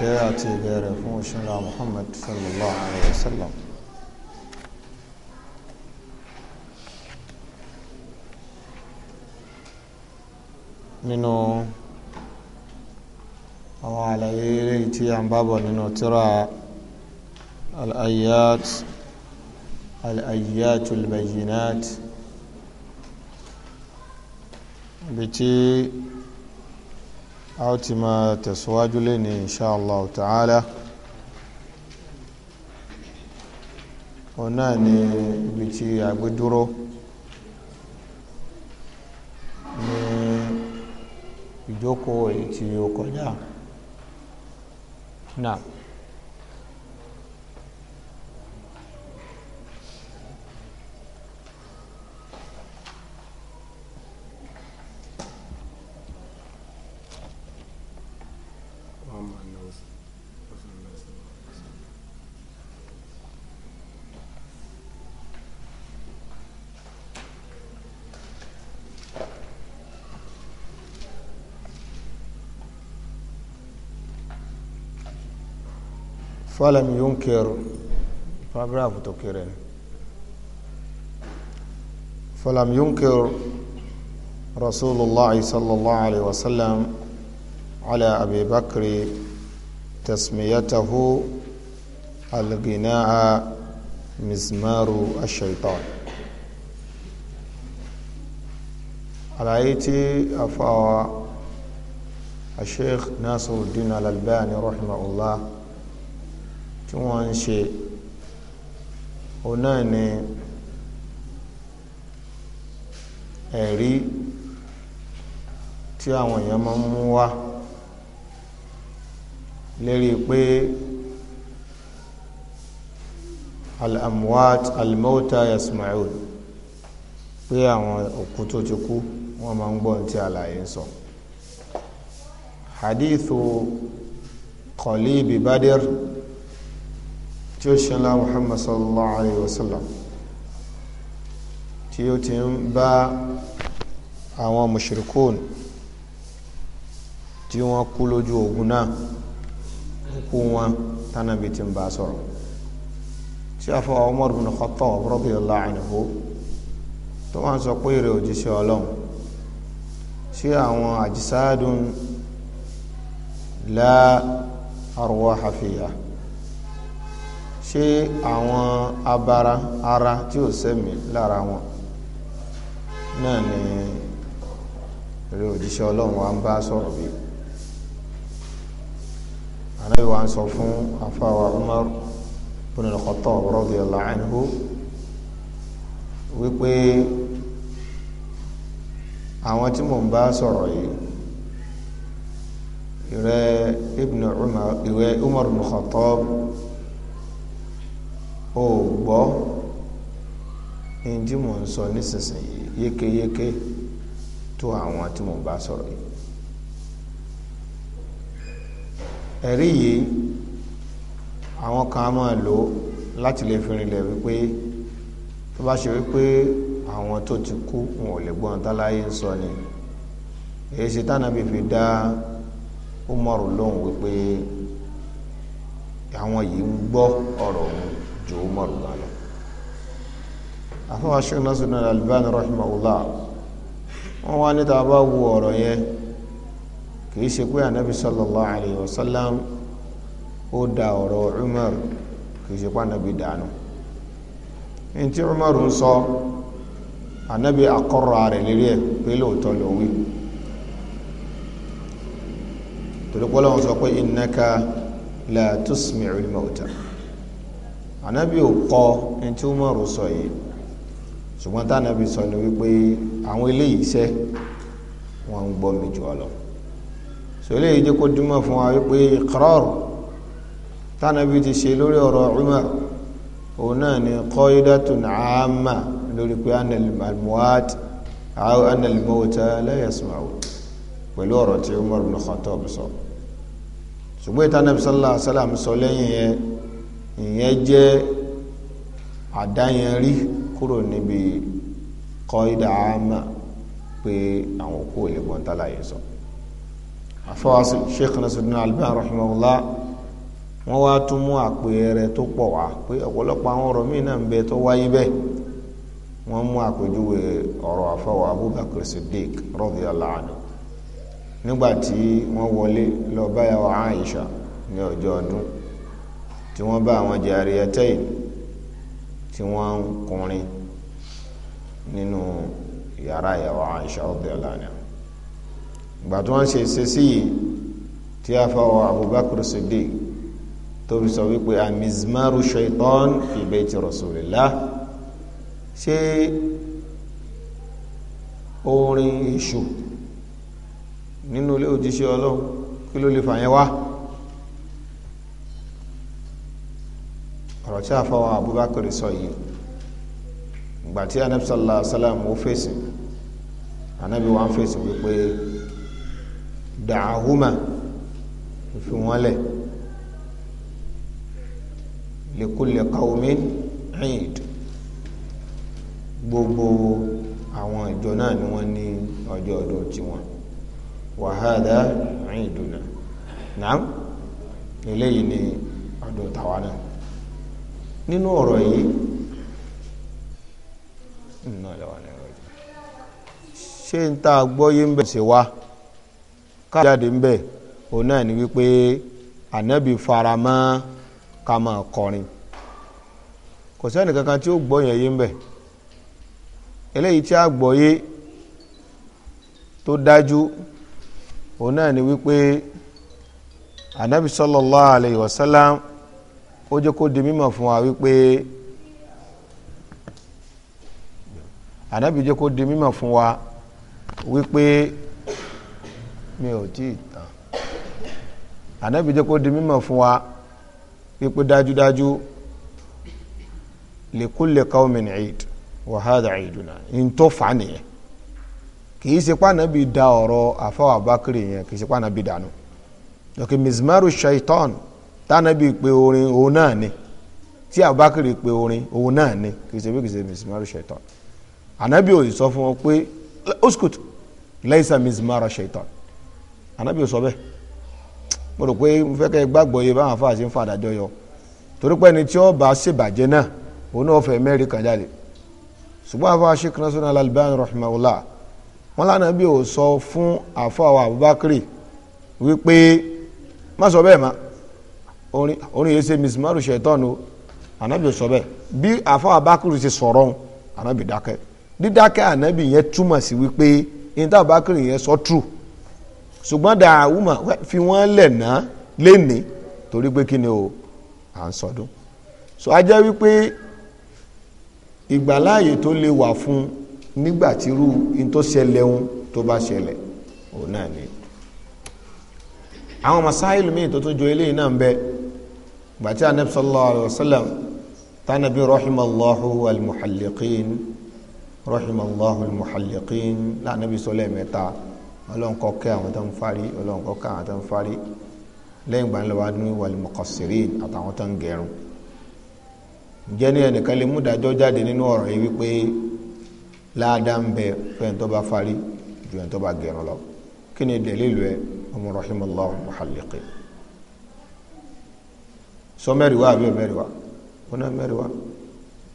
ìkẹ́ àti ìgẹ́ rẹ̀ fún òṣìlá Muhammad sallallahu alayhi wa sallam nínú àwọn àlàyé eléyìí tí a ń bábọ̀ nínú tírà al-ayyat al-ayyat al-bayyinat ibi tí a ó ti máa tẹ̀síwájú lẹ́ni insha Allah ta'ala òun náà ni ibi tí àgbédúró ní ìjókòó èyí tí ó kọjá náà. فلم ينكر paragraph آه، توكيرين فلم ينكر رسول الله صلى الله عليه وسلم على أبي بكر تسميته الغناء مزمار الشيطان على أيتي àfàwà الشيخ ناصر الدين الألباني رحمه الله tí wọ́n ń ṣe òun náà ni ẹ̀rí tí àwọn èèyàn máa ń mú wá lérí pé al-amwat al pé àwọn òkú tó ti kú wọ́n máa ń gbọ́ tí àlàyé ń sọ hadithu Qalib Badr tí ó ṣe ńlá Muhammad sallallahu alayhi wa sallam tí ó ti ń bá àwọn mushrikun tí wọ́n kú lójú ogun náà kú wọn tánàbí ti ń bá sọ̀rọ̀ tí a fọ Umar bin Khattab radiyallahu anhu tó wọ́n sọ pé èrè òjíṣẹ́ ọlọ́run sí àwọn àjísáàdùn la arwaha fiha ṣé àwọn abara ara tí ò sẹ́mi lára wọn náà ni eré òjíṣẹ́ ọlọ́run wa ń bá sọ̀rọ̀ bí ànábì wa ń sọ fún afáwa Umar bin al-Khattab radiyallahu anhu wípé àwọn tí mò ń bá sọ̀rọ̀ yìí ìrẹ́ ibn Umar ìwẹ́ Umar bin o gbọ́ ǹdí mò ń sọ nísinsìnyí yékéyéké tó àwọn tí mò ń bá sọ̀rọ̀ yìí ẹ̀rí yìí àwọn kan á máa lò láti lè fi rinlẹ̀ wípé tó bá ṣe wípé àwọn tó ti kú wọn ò lè gbọ́n táláyé ń sọ ni èyí ṣe tánàbí fi dá Umaru lóhùn wípé àwọn yìí ń gbọ́ ọ̀rọ̀ òun ju umaru gan lọ afọwọ́ Sheikh Nasruddin Albani rahimahullah wọ́n wá níta bá wu ọ̀rọ̀ yẹn kì í ṣe pé anabi sallallahu alayhi wa sallam ó da ọ̀rọ̀ umar kì í ṣe pé anabi dànù ní umar ń sọ anabi akọrọ rẹ̀ lérí ẹ̀ pé lóòótọ́ ló wí torí pé Ọlọ́hun sọ pé innaka la ànábì ò kọ ní tí Umar sọ yìí ṣùgbọ́n tánàbì sọ ni wípé àwọn eléyìí iṣẹ́ wọn ń gbọ́ mi jù ọ lọ sọ eléyìí jẹ́ kó dúmọ̀ fún wa wípé kọ́rọ́ọ̀rù tánàbì ti ṣe lórí ọ̀rọ̀ Umar òun náà ni qaidatun aama lórí pé analmuwaat àwọn analmawta la yasma'u tí Umar bin Khattab sọ ṣùgbọ́n ìtànàbì sallallahu alaihi wasallam sọ lẹ́yìn yẹn ìyẹn jẹ́ àdáyẹnrí kúrò níbi kọ́ídà àmà pé àwọn òkú ò lè gbọ́n tálàyé sọ àfọwọ́ Sheikh Nasiruddin Albani rahimahullah wọ́n wá tún mú àpẹẹrẹ tó pọ̀ wá pé ọ̀pọ̀lọpọ̀ àwọn ọ̀rọ̀ míì náà ń bẹ tó wáyé bẹ́ẹ̀ wọ́n mú àpèjúwe ọ̀rọ̀ àfọwọ́ Abubakar Siddiq radiyallahu anhu nígbà tí wọ́n wọlé lọ báyàwó Aisha ní ọjọ́ ọdún tí wọ́n bá àwọn jariyatayn tí wọ́n ń kùnrin nínú yàrá ìyàwó Aisha radiyallahu anha ìgbà tí wọ́n ṣe ìṣesí yìí tí a fọwọ́ Abubakar Siddiq tó fi sọ wípé amizmaru shaitan fi bayti rasulillah ṣé orin èṣù nínú ilé òjíṣẹ́ Ọlọ́run kí ló lè fà wá. ọ̀rọ̀ tí àfọwọ́ Abubakar sọ yìí ìgbà tí anabi sallallahu alayhi wa sallam ó fèsì anabi wa ń fèsì wípé dàáhùmá fi wọn lẹ̀ lèkúlẹ̀ káwọmí ẹ̀yìn gbogbo àwọn ìjọ náà ni wọ́n ní ọjọ́ ọdún tiwọn wàhádà ẹ̀yìn dùnà náà eléyìí ni ọdún tàwa náà nínú ọ̀rọ̀ yìí ṣé n ta gbọ́yé ń bẹ̀ ṣe wá kájáde ń bẹ̀ òun náà ni wípé ànábì fara mọ́ ká máa kọrin kò sẹ́ni kankan tí ó gbọ́ yé ń bẹ̀ eléyìí tí a gbọ́yé tó dájú òun náà ni wípé ànábì sallallahu alayhi wa ó jẹ́ kó di mímọ̀ fún wa wípé ànábì jẹ́ kó di mímọ̀ fún wa wípé mi ò tí ì tán ànábì jẹ́ kó di mímọ̀ fún wa wípé dájúdájú li kulli qawmin eid wa hadha eiduna ń tó fà nìyẹn kì í ṣe pànábì da ọ̀rọ̀ àfọwọ́ àbákiri yẹn kì í ṣe pànábì dànù lókè mizmaru shaitan tánàbí pé orin òun náà ni tí Abubakar pé orin òun náà ni kìsìbí kìsìbí mizmaru shaitan anabi ò sọ fún wọn pé uskut laisa mizmaru shaitan anabi ò sọ bẹ́ẹ̀ mo rò pé mo fẹ́ kẹ́ gbàgbọ́ yẹ báwọn afáàṣẹ ń fa àdájọ́ yọ torí pé ẹni tí ó bá ṣèbàjẹ́ náà òun náà fẹ́ mẹ́rin kan jáde ṣùgbọ́n àfa Sheikh Nasrul Albani rahimahullah wọn lánàá bí ò sọ fún àfa Abubakar wípé má sọ bẹ́ẹ̀ máa orin orin yìí ṣe misimaru ṣètọ́nù anabi sọ bẹ́ẹ̀ bí afọ abakuru ṣe sọ̀rọ̀ anabi dákẹ́ dídákẹ́ anabi yẹn túmọ̀ sí wípé níta abakuru yẹn sọ true ṣùgbọ́n dàáwùmá fi wọ́n lẹ̀ ná lẹ́ni torí pé kí ni o à ń sọdún so a jẹ́ wípé ìgbàláàyè tó lè wà fún nígbà tí irú in tó ṣẹlẹ̀ ohun tó bá ṣẹlẹ̀ òun náà ni àwọn masáìlú míì tó tún jọ eléyìí náà ń bẹ́ẹ̀ gbàtí anabi sallallahu alayhi wa sallam tanabi rahimallahu almuhalliqin rahimallahu almuhalliqin lànàbí sọlẹ̀ mẹ́ta ọlọ́nkọ́ kẹ́ àwọn tó ń fárí ọlọ́nkọ́ kẹ́ àwọn tó ń fárí lẹ́yìn gbà ń lọ́wọ́ ní wàlmuqassirin àtàwọn tó ń gẹrun jẹ́ ní ẹnìkan lè mú dájọ́ jáde nínú ọ̀rọ̀ yìí wípé láàdá ń bẹ fẹ́ẹ̀ tó bá fárí ju ẹ̀ tó bá gẹrun lọ kí ni dẹ̀lílu ẹ̀ ọmọ rahimallahu almuhalliqin sọ mẹ́rìíwá àbí ọ̀mẹ́rìíwá ó ná mẹ́rìíwá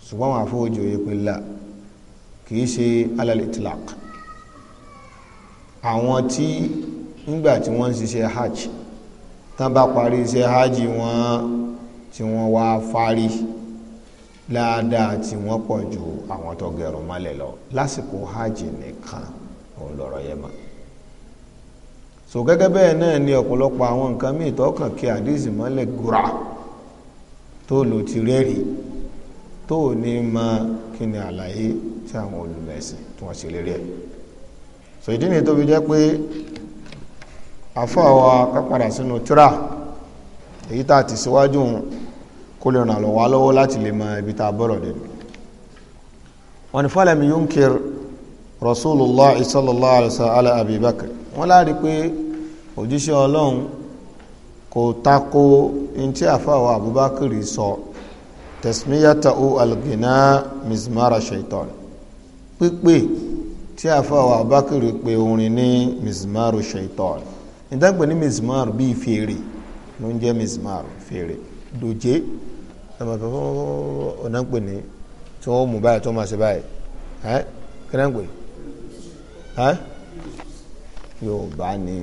ṣùgbọ́n wọn àfọwọ́jọ yẹ pé là kì í ṣe alal itlaq àwọn tí nígbà tí wọ́n ń ṣiṣẹ́ hajj tán bá parí iṣẹ́ hajj wọn tí wọ́n wá fárí láadáa tí wọ́n pọ̀ ju àwọn tó gẹ̀rùn mọ́lẹ̀ lọ lásìkò hajj nìkan òun lọ́rọ̀ yẹn mọ́ so gẹ́gẹ́ bẹ́ẹ̀ náà ni ọ̀pọ̀lọpọ̀ àwọn nǹkan míì tọ́kàn kí àdéhìsì mọ́lẹ̀ gura tó lò ti rẹ́rìí tó ní máa kí ni àlàyé tí àwọn olùmẹ̀sìn tí wọ́n ṣe lérí ẹ̀ so ìdí ni tó fi jẹ́ pé àfọwọ́ kápadà sínú tíra èyí tá a ti síwájú kó lè ràn lọ́wọ́ lọ́wọ́ láti lè mọ ibi tá a bọ̀rọ̀ dé wọn ni falam yunkir rasulullah sallallahu alaihi wa sallam ala abi bakr wọn láti pé òjíṣẹ́ ọlọ́run kò tako in tí àfáwà Abubakar sọ tẹ̀símíyàtà ó algina mizmara shaitan pípé tí àfáwà Abubakar pé orin ní mizmaru shaitan ìdágbẹ̀ ní mizmaru bíi fèrè ló ń jẹ́ mizmaru fèrè dòjé ọ̀nà ń pè ní tí wọ́n mú báyìí tó máa ṣe báyìí ẹ́ yóò bá ní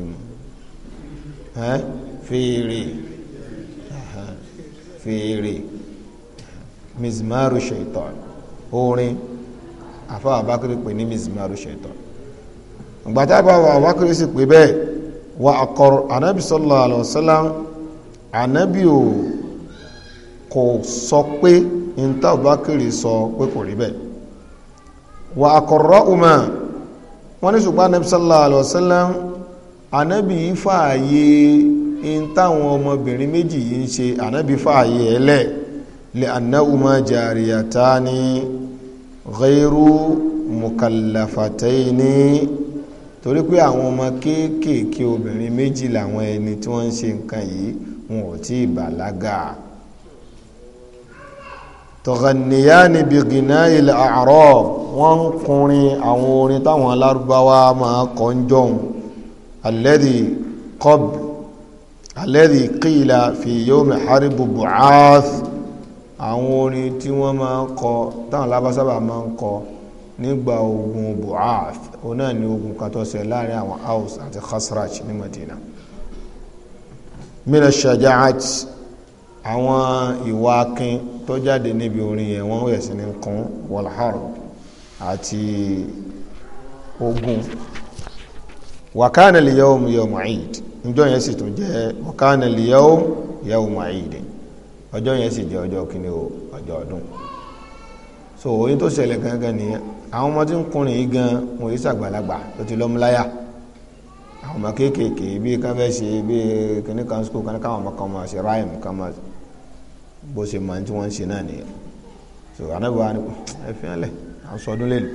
ẹ́ fèrè fèrè mizmaru shaitan orin afa abakiri pè ní mizmaru shaitan gbàtà bá wa abakiri sì pè bẹ́ẹ̀ wa akọrọ anabi sallallahu alaihi wasallam anabi o kò sọ pé níta abakiri sọ pé kò rí bẹ́ẹ̀ wa akọrọ umar wọn ní ṣùgbọ́n anabi sallallahu alaihi anabi yìí fààyè in táwọn ọmọbìnrin méjì yìí ń ṣe ànábì fààyè ẹlẹ́ lè anáhùnmá jàrìyàtá ní ghairu mukallafataini torí pé àwọn ọmọ kéékèèké obìnrin méjì làwọn ẹni tí wọ́n ń ṣe nǹkan yìí wọn ò tí ì bàlágà tọ̀gànnìyá níbi gìnà ilẹ̀ àárọ̀ wọ́n ń kùnrin àwọn orin táwọn alárúbáwá máa kọ́ ń jọun alẹ́dì kọ́bì alladhi qila fi yawmi haribu bu'ath àwọn orin tí wọ́n máa ń kọ táwọn lábásábà máa ń kọ nígbà ogun bu'ath òun náà ni ogun kan tó ṣẹlẹ̀ láàrin àwọn Aws àti Khazraj ní Madina mina shajaat àwọn ìwà tó jáde níbi orin yẹn wọ́n wẹ̀ sí ní kún walharb àti ogun wa kana al njọ́ yẹn sì tún jẹ́ mọ̀kánà lìyàwó ìyàwó màáyìdì ọjọ́ yẹn sì jẹ́ ọjọ́ kíní o ọjọ́ ọdún so oyin tó ṣẹlẹ̀ gangan nìyẹn àwọn ọmọ tí ń kùnrin yìí gan wọn yìí ṣàgbàlagbà tó ti lọ́múláyà àwọn ọmọ kéékèèké bíi káfẹ́ṣe bíi kíní kan skul kan káwọn ọmọ kan máa ṣe ráìm kan máa bó ṣe máa ń tí wọ́n ń ṣe náà nìyẹn so anábìwá ni ẹ fi hàn lẹ̀ à ń sọdún lélẹ̀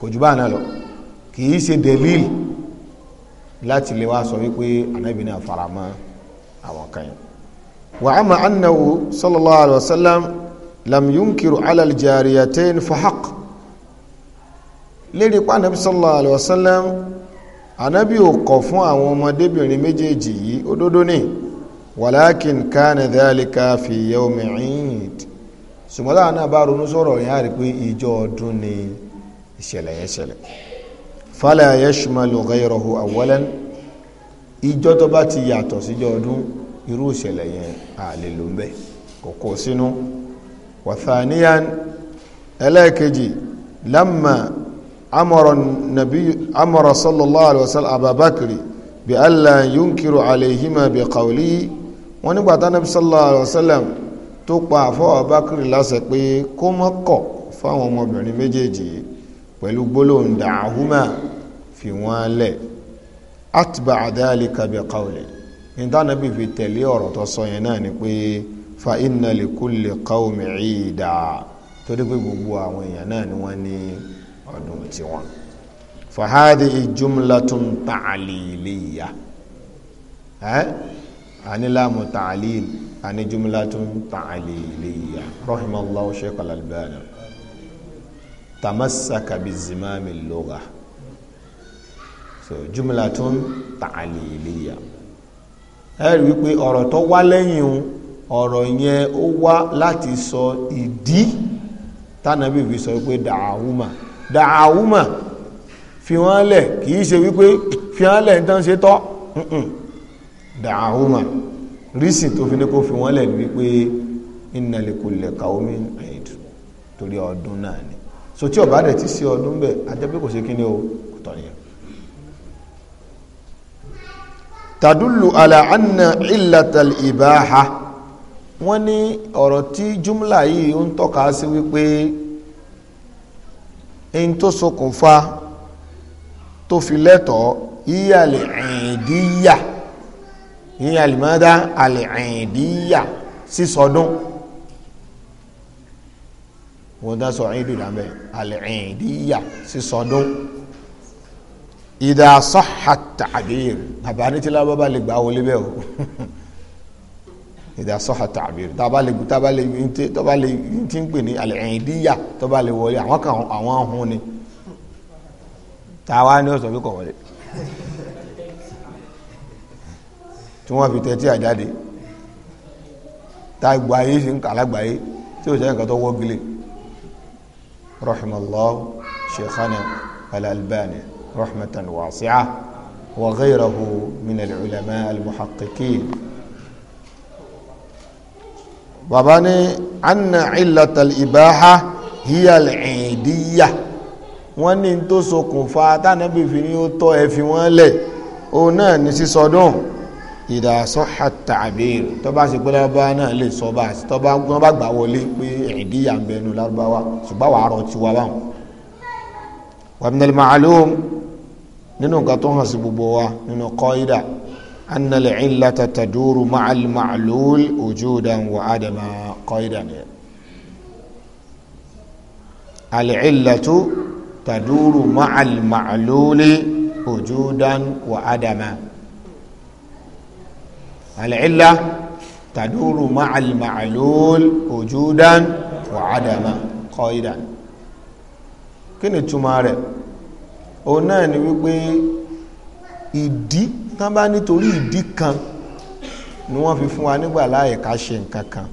kò jù báà náà lọ kì í ṣe dẹ̀líìlì láti lè wá sọ wípé anábì náà faramọ́ àwọn kan yẹn wa ama annahu sallallahu alaihi wasallam lam yunkiru alal jariyatain fahaq lérí pa anábì sallallahu alaihi wasallam anábì ò kọ̀ fún àwọn ọmọdébìnrin méjèèjì yìí òdodo ni walakin kana dhalika fi yawmi eid ṣùgbọ́n láwọn náà bá ronú sọ̀rọ̀ yẹn pé ìjọ ọdún ni ìṣẹ̀lẹ̀ yẹn ṣẹlẹ̀ fala yashmalu ghayrahu awwalan ìjọ tó bá ti yàtọ̀ síjọ ọdún irú ìṣẹ̀lẹ̀ yẹn àlè ló ń bẹ̀ kò kó sínú wàthaniyan ẹlẹ́ẹ̀kejì lamma amọ̀rọ̀ nàbí amọ̀rọ̀ sallallahu alaihi wasallam ababakiri bí allah yunkiru alaihima bí kàwlí wọn nígbà tá nàbí sallallahu alaihi wasallam tó pa àfọwọ́ abakiri láṣẹ pé kó mọ́ kọ̀ fáwọn ọmọbìnrin méjèèjì yìí pẹ̀lú gbólóhùn dàáhùmá fi wọ́n lẹ̀ atba dhalika bi qawli nítànàbí fi tẹ̀lé ọ̀rọ̀ tó sọ yẹn náà ni pé fa inna li kulli qawmi ìdá torí pé gbogbo àwọn èèyàn náà ni wọ́n ní ọdún tiwọn fahadi jumlatun ta'liliya eh ani lamu ta'lil ani jumlatun ta'liliya rahimallahu shaykh al-albani tamasaka bizimami lugha so jumlatun ta'aliliya ẹ rí wípé ọ̀rọ̀ tó wá lẹ́yìn ọ̀rọ̀ yẹn ó wá láti sọ ìdí tánàbí fi sọ wípé dàáhùmà dàáhùmà fi wọ́n lẹ̀ kìí ṣe wípé fi wọ́n lẹ̀ tán ṣe tọ́ dàáhùmà rísì tó fi ní kó fi wọ́n lẹ̀ wípé inna likulli qawmin torí ọdún náà ni so tí ọba rẹ̀ ti ṣe ọdún bẹ́ẹ̀ ajẹ́pẹ́ kò ṣe kí ni o kò tọ̀ nìyẹn. tàdúlù àlà àna ìlàtàl ìbáha wọ́n ní ọ̀rọ̀ tí júmùlà yìí ń tọ́ka sí wípé ẹni tó ṣokùnfà tó fi lẹ́tọ̀ọ́ yíyàlẹ̀ ẹ̀ẹ́díyà yíyàlẹ̀ mọ́dá àlẹ̀ ẹ̀ẹ́díyà sísọdún. Si wọ́n dá sọ ìdù lábẹ́ alìrìndíyà sí sọdún ìdá sọ́hàtàbír bàbá ní tí lábá bá lè gbà wọlé bẹ́ẹ̀ o ìdá sọ́hàtàbír tàbá lè gbà tàbá lè tàbá lè tí ń pè ní alìrìndíyà tàbá lè wọlé àwọn kan àwọn ọ̀hún ni tàwa ni ó sọ pé wọlé tí wọ́n fi tẹ́tí àjáde tá gbàyé sí ń kà lágbàyé tí ò sẹ́yìn kan tó wọ́gilé rahimallahu sheikhana al-albani rahmatan wasi'a wa ghayrahu min al-ulama al-muhaqqiqin baba ni anna illata al-ibaha hiya al-idiya wọ́n ní tó ṣokùnfà tánàbí fi ní ó tọ́ ẹ fi wọ́n lẹ̀ òun náà ní sísọdún ìdásọ́ àtàbíir tó bá ṣe pé lárúbáwá náà lè sọ bá tó bá gbọ́n bá gbà wọlé pé ìdíyà ń bẹnu lárúbáwá ṣùgbọ́n wàá rọ tiwa báwọn. wàmínà màálùm nínú nǹkan tó hàn sí gbogbo wa nínú kọ́ídà annal illata taduru ma'al ma'lul wujudan wa adama kọ́ídà ni. al illatu taduru ma'al ma'lul wujudan wa adama alẹ́ẹ̀lá tàdúrù ma'alma'alol ojudan wa adama kọ́ìdà kí ni túmọ̀ rẹ̀ òun náà ni wípé ìdí tán bá nítorí ìdí kan ni wọ́n fi fún wa nígbà láàyè ká ṣe nǹkan kan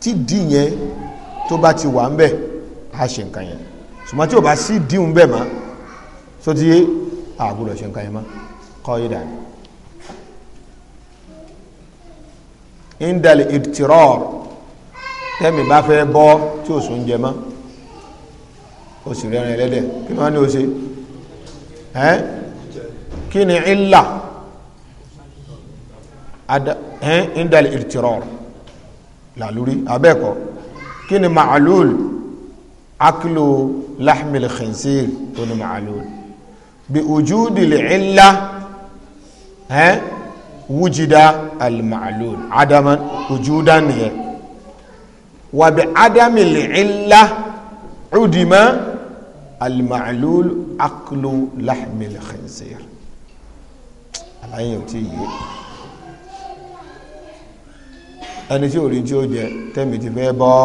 tí dì yẹn tó bá ti wà ń bẹ̀ á ṣe nǹkan yẹn ṣùgbọ́n tí ò bá sí dìhun bẹ̀ mọ́ sótìyé àgùrọ̀ ṣe nǹkan yẹn mọ́ kọ́ìdà ni indal ìtìrọ̀ tẹ́mi bá fẹ́ bọ́ tí ò sún jẹ mọ́ o sì rẹ̀rìn ẹlẹ́dẹ̀ kí ni wọ́n ní o ṣe ẹ́ kí ni ìlà ẹ́ indal ìtìrọ̀ làlúrí abẹ́ẹ̀kọ́ kí ni màálùl akílò lahmil khinsir tó ni màálùl bí ojúdìlì ìlà ẹ́ wújidá almalul adaman ojúdá nìyẹn wà bí adámìlì illa udima almalul aklu lahmil khinzir aláyẹ̀ tí yìí ẹni tí orí tí ó jẹ tẹ́mi ti fẹ́ bọ́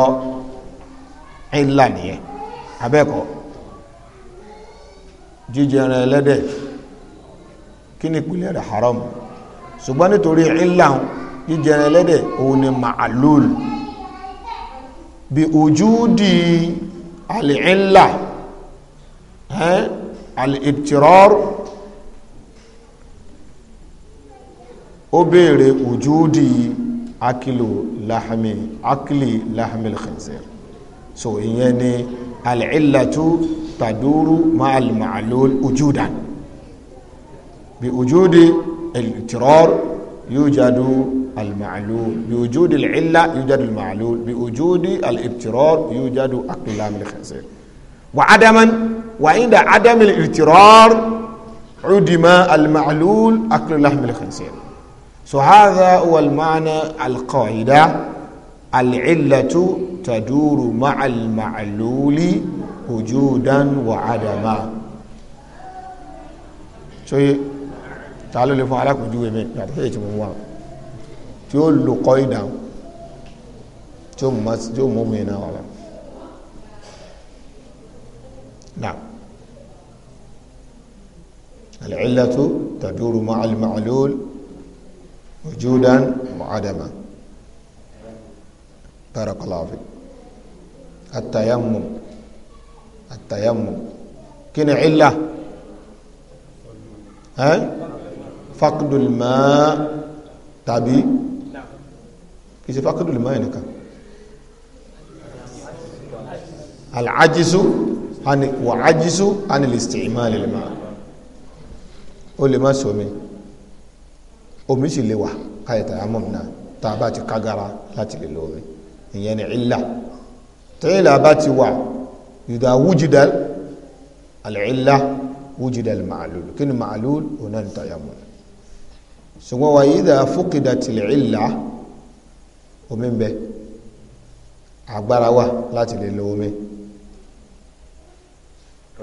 illa nìyẹn abẹ́kọ̀ jíjẹran ẹlẹ́dẹ̀ kí ni ìpìlẹ̀ rẹ̀ haram ṣùgbọ́n nítorí ìlà jíjẹ ẹlẹ́dẹ̀ òun ni ma'alul bí ojúdí alìílà eh, alìtìrọ́r ó bèèrè ojúdí akilu lahmi akili lahmi al-khinzir so ìyẹn ni alìílàtú tàdúrú ma'al ma'alul ojúdan bí ojúdí الاضطرار يوجد المعلول بوجود العلة يوجد المعلول بوجود الاضطرار يوجد أكل من الخنزير وعدما وعند عدم الاضطرار عدم المعلول أكل لحم الخنزير سو هذا هو المعنى القاعدة العلة تدور مع المعلول وجودا وعدما so ta ló lè fún alákòójúwe mi yàtọ̀ èyí ètò mo mú wa tí ó lu kọ́ ìdáhùn tí ó mọ̀ tí ó mọ̀ mi náà wà lọ. نعم العلة تدور مع المعلول وجودا وعدما بارك الله فيك التيمم التيمم كنا علة ها fakdul maa tàbí kìí ṣe fakdul maa nìkan al'ajisu wa ajisu anil isti'mal lil maa ó lè má sọmi omi sì lè wà káyẹ̀tà amọ̀m náà tá a bá ti kágara láti lè lóore ìyẹn ni ìlà tẹ́lá bá ti wà ìdá wújidal al'ìlà wújidal ma'alul kí ni ma'alul onáni tayammum ṣùgbọ́n wàyí ìdá fúkìdà tìlẹ̀ ìlà omi ń bẹ agbára wà láti lè lo omi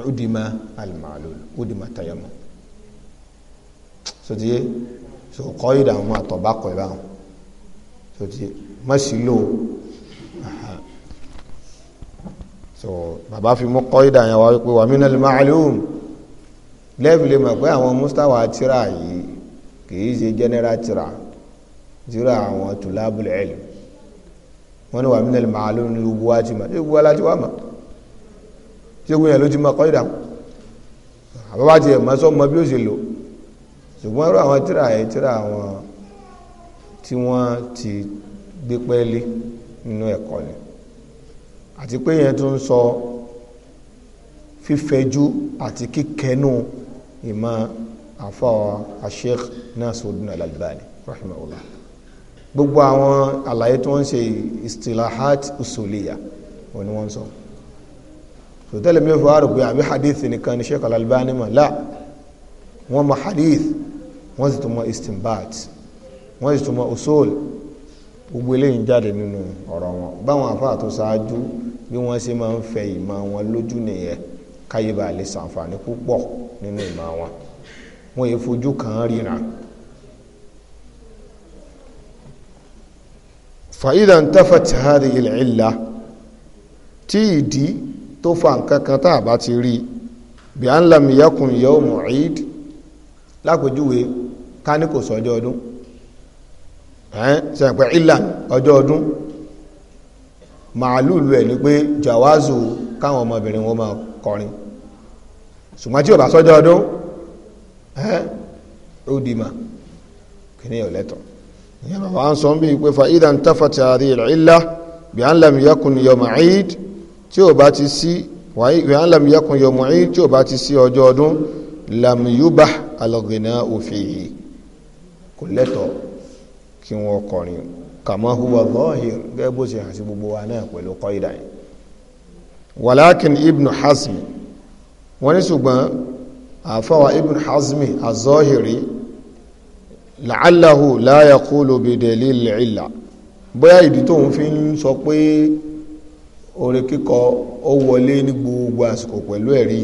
udima alimalul udima tayamu sotiye so kọ́ ìdá àwọn àtọ̀bá kọ̀ ẹ̀ báwọn sotiye má sí lò ó so bàbá fi mú kọ́ ìdá yẹn wá wípé wàmínà lè máa lóhùn lẹ́ẹ̀fì lè mọ̀ pé àwọn mustawa tíra yìí kìí ṣe general tira tira àwọn tulabul ilm wọn ni wà mí nàlẹ màálù ní gbogbo wa ti ma ṣé gbogbo wa láti wá ma ṣé gbogbo yẹn ló ti ma kọ́ ìdààmú àbábá tiẹ̀ mọ sọ mọ bí ó ṣe lò ṣùgbọ́n irú àwọn tira yẹn tira àwọn tí wọ́n ti gbé pẹ́ẹ́lí nínú ẹ̀kọ́ ni àti pé yẹn tún sọ fífẹjú àti kíkẹnu ìmọ̀ àfọwọ́ asheikh Nasiruddin Al-Albani rahimahullah gbogbo àwọn àlàyé tí wọ́n ń ṣe istilahat usuliya wọn ni wọ́n sọ sọtẹ́lẹ̀ mi fọ́ àrùkú àbí hadith nìkan ni sheikh Al-Albani mọ̀ la wọ́n mọ̀ hadith wọ́n sì tún mọ̀ istinbat wọ́n sì tún mọ̀ usul gbogbo eléyìí ń jáde nínú ọ̀rọ̀ wọn báwọn àfáà tó ṣáájú bí wọ́n ṣe máa ń fẹ ìmọ̀ wọn lójú nìyẹn káyé bá lè ṣàǹfààní púpọ̀ nínú ìmọ̀ wọn wọn yẹ fojú kàn án ríran. fàyídà ń tẹ́fà tí a rí ilẹ̀ ìlà tí ìdí tó fa nǹkan kan tá a bá ti rí bí a ń lam yakun yawmu eid lápèjúwe ká ní kò ọjọ́ ọdún ẹ̀ sẹ̀pẹ̀ ìlà ọjọ́ ọdún màálùú ẹ̀ ni pé jawazu káwọn ọmọbìnrin wọn máa kọrin ṣùgbọ́n tí ò bá sọ́jọ́ ọdún ẹ́ ó di ma kìíní ò lẹ́tọ̀ ìyẹn bàbá à ń sọ bí pé fa idan tafati ari ilá bí an lam yakun yọmọ eid tí ò bá ti sí bí an lam yakun yọmọ eid tí ò bá ti sí ọjọ́ ọdún lam yuba alọ́gìnà òfin yìí kò kí wọ́n kọrin kàmọ́ huwa zahir gẹ́gẹ́ bó ṣe hàn sí wa náà pẹ̀lú kọ́ ìdáyìn walakin ibnu hazmi wọ́n ní àfọwà ibn hazmi azọ́hìrí la'allahu la yaqulu bidalil illa bóyá ìdí tóun fi ń sọ pé orin kíkọ ó wọlé ní gbogbo àsìkò pẹ̀lú ẹ̀rí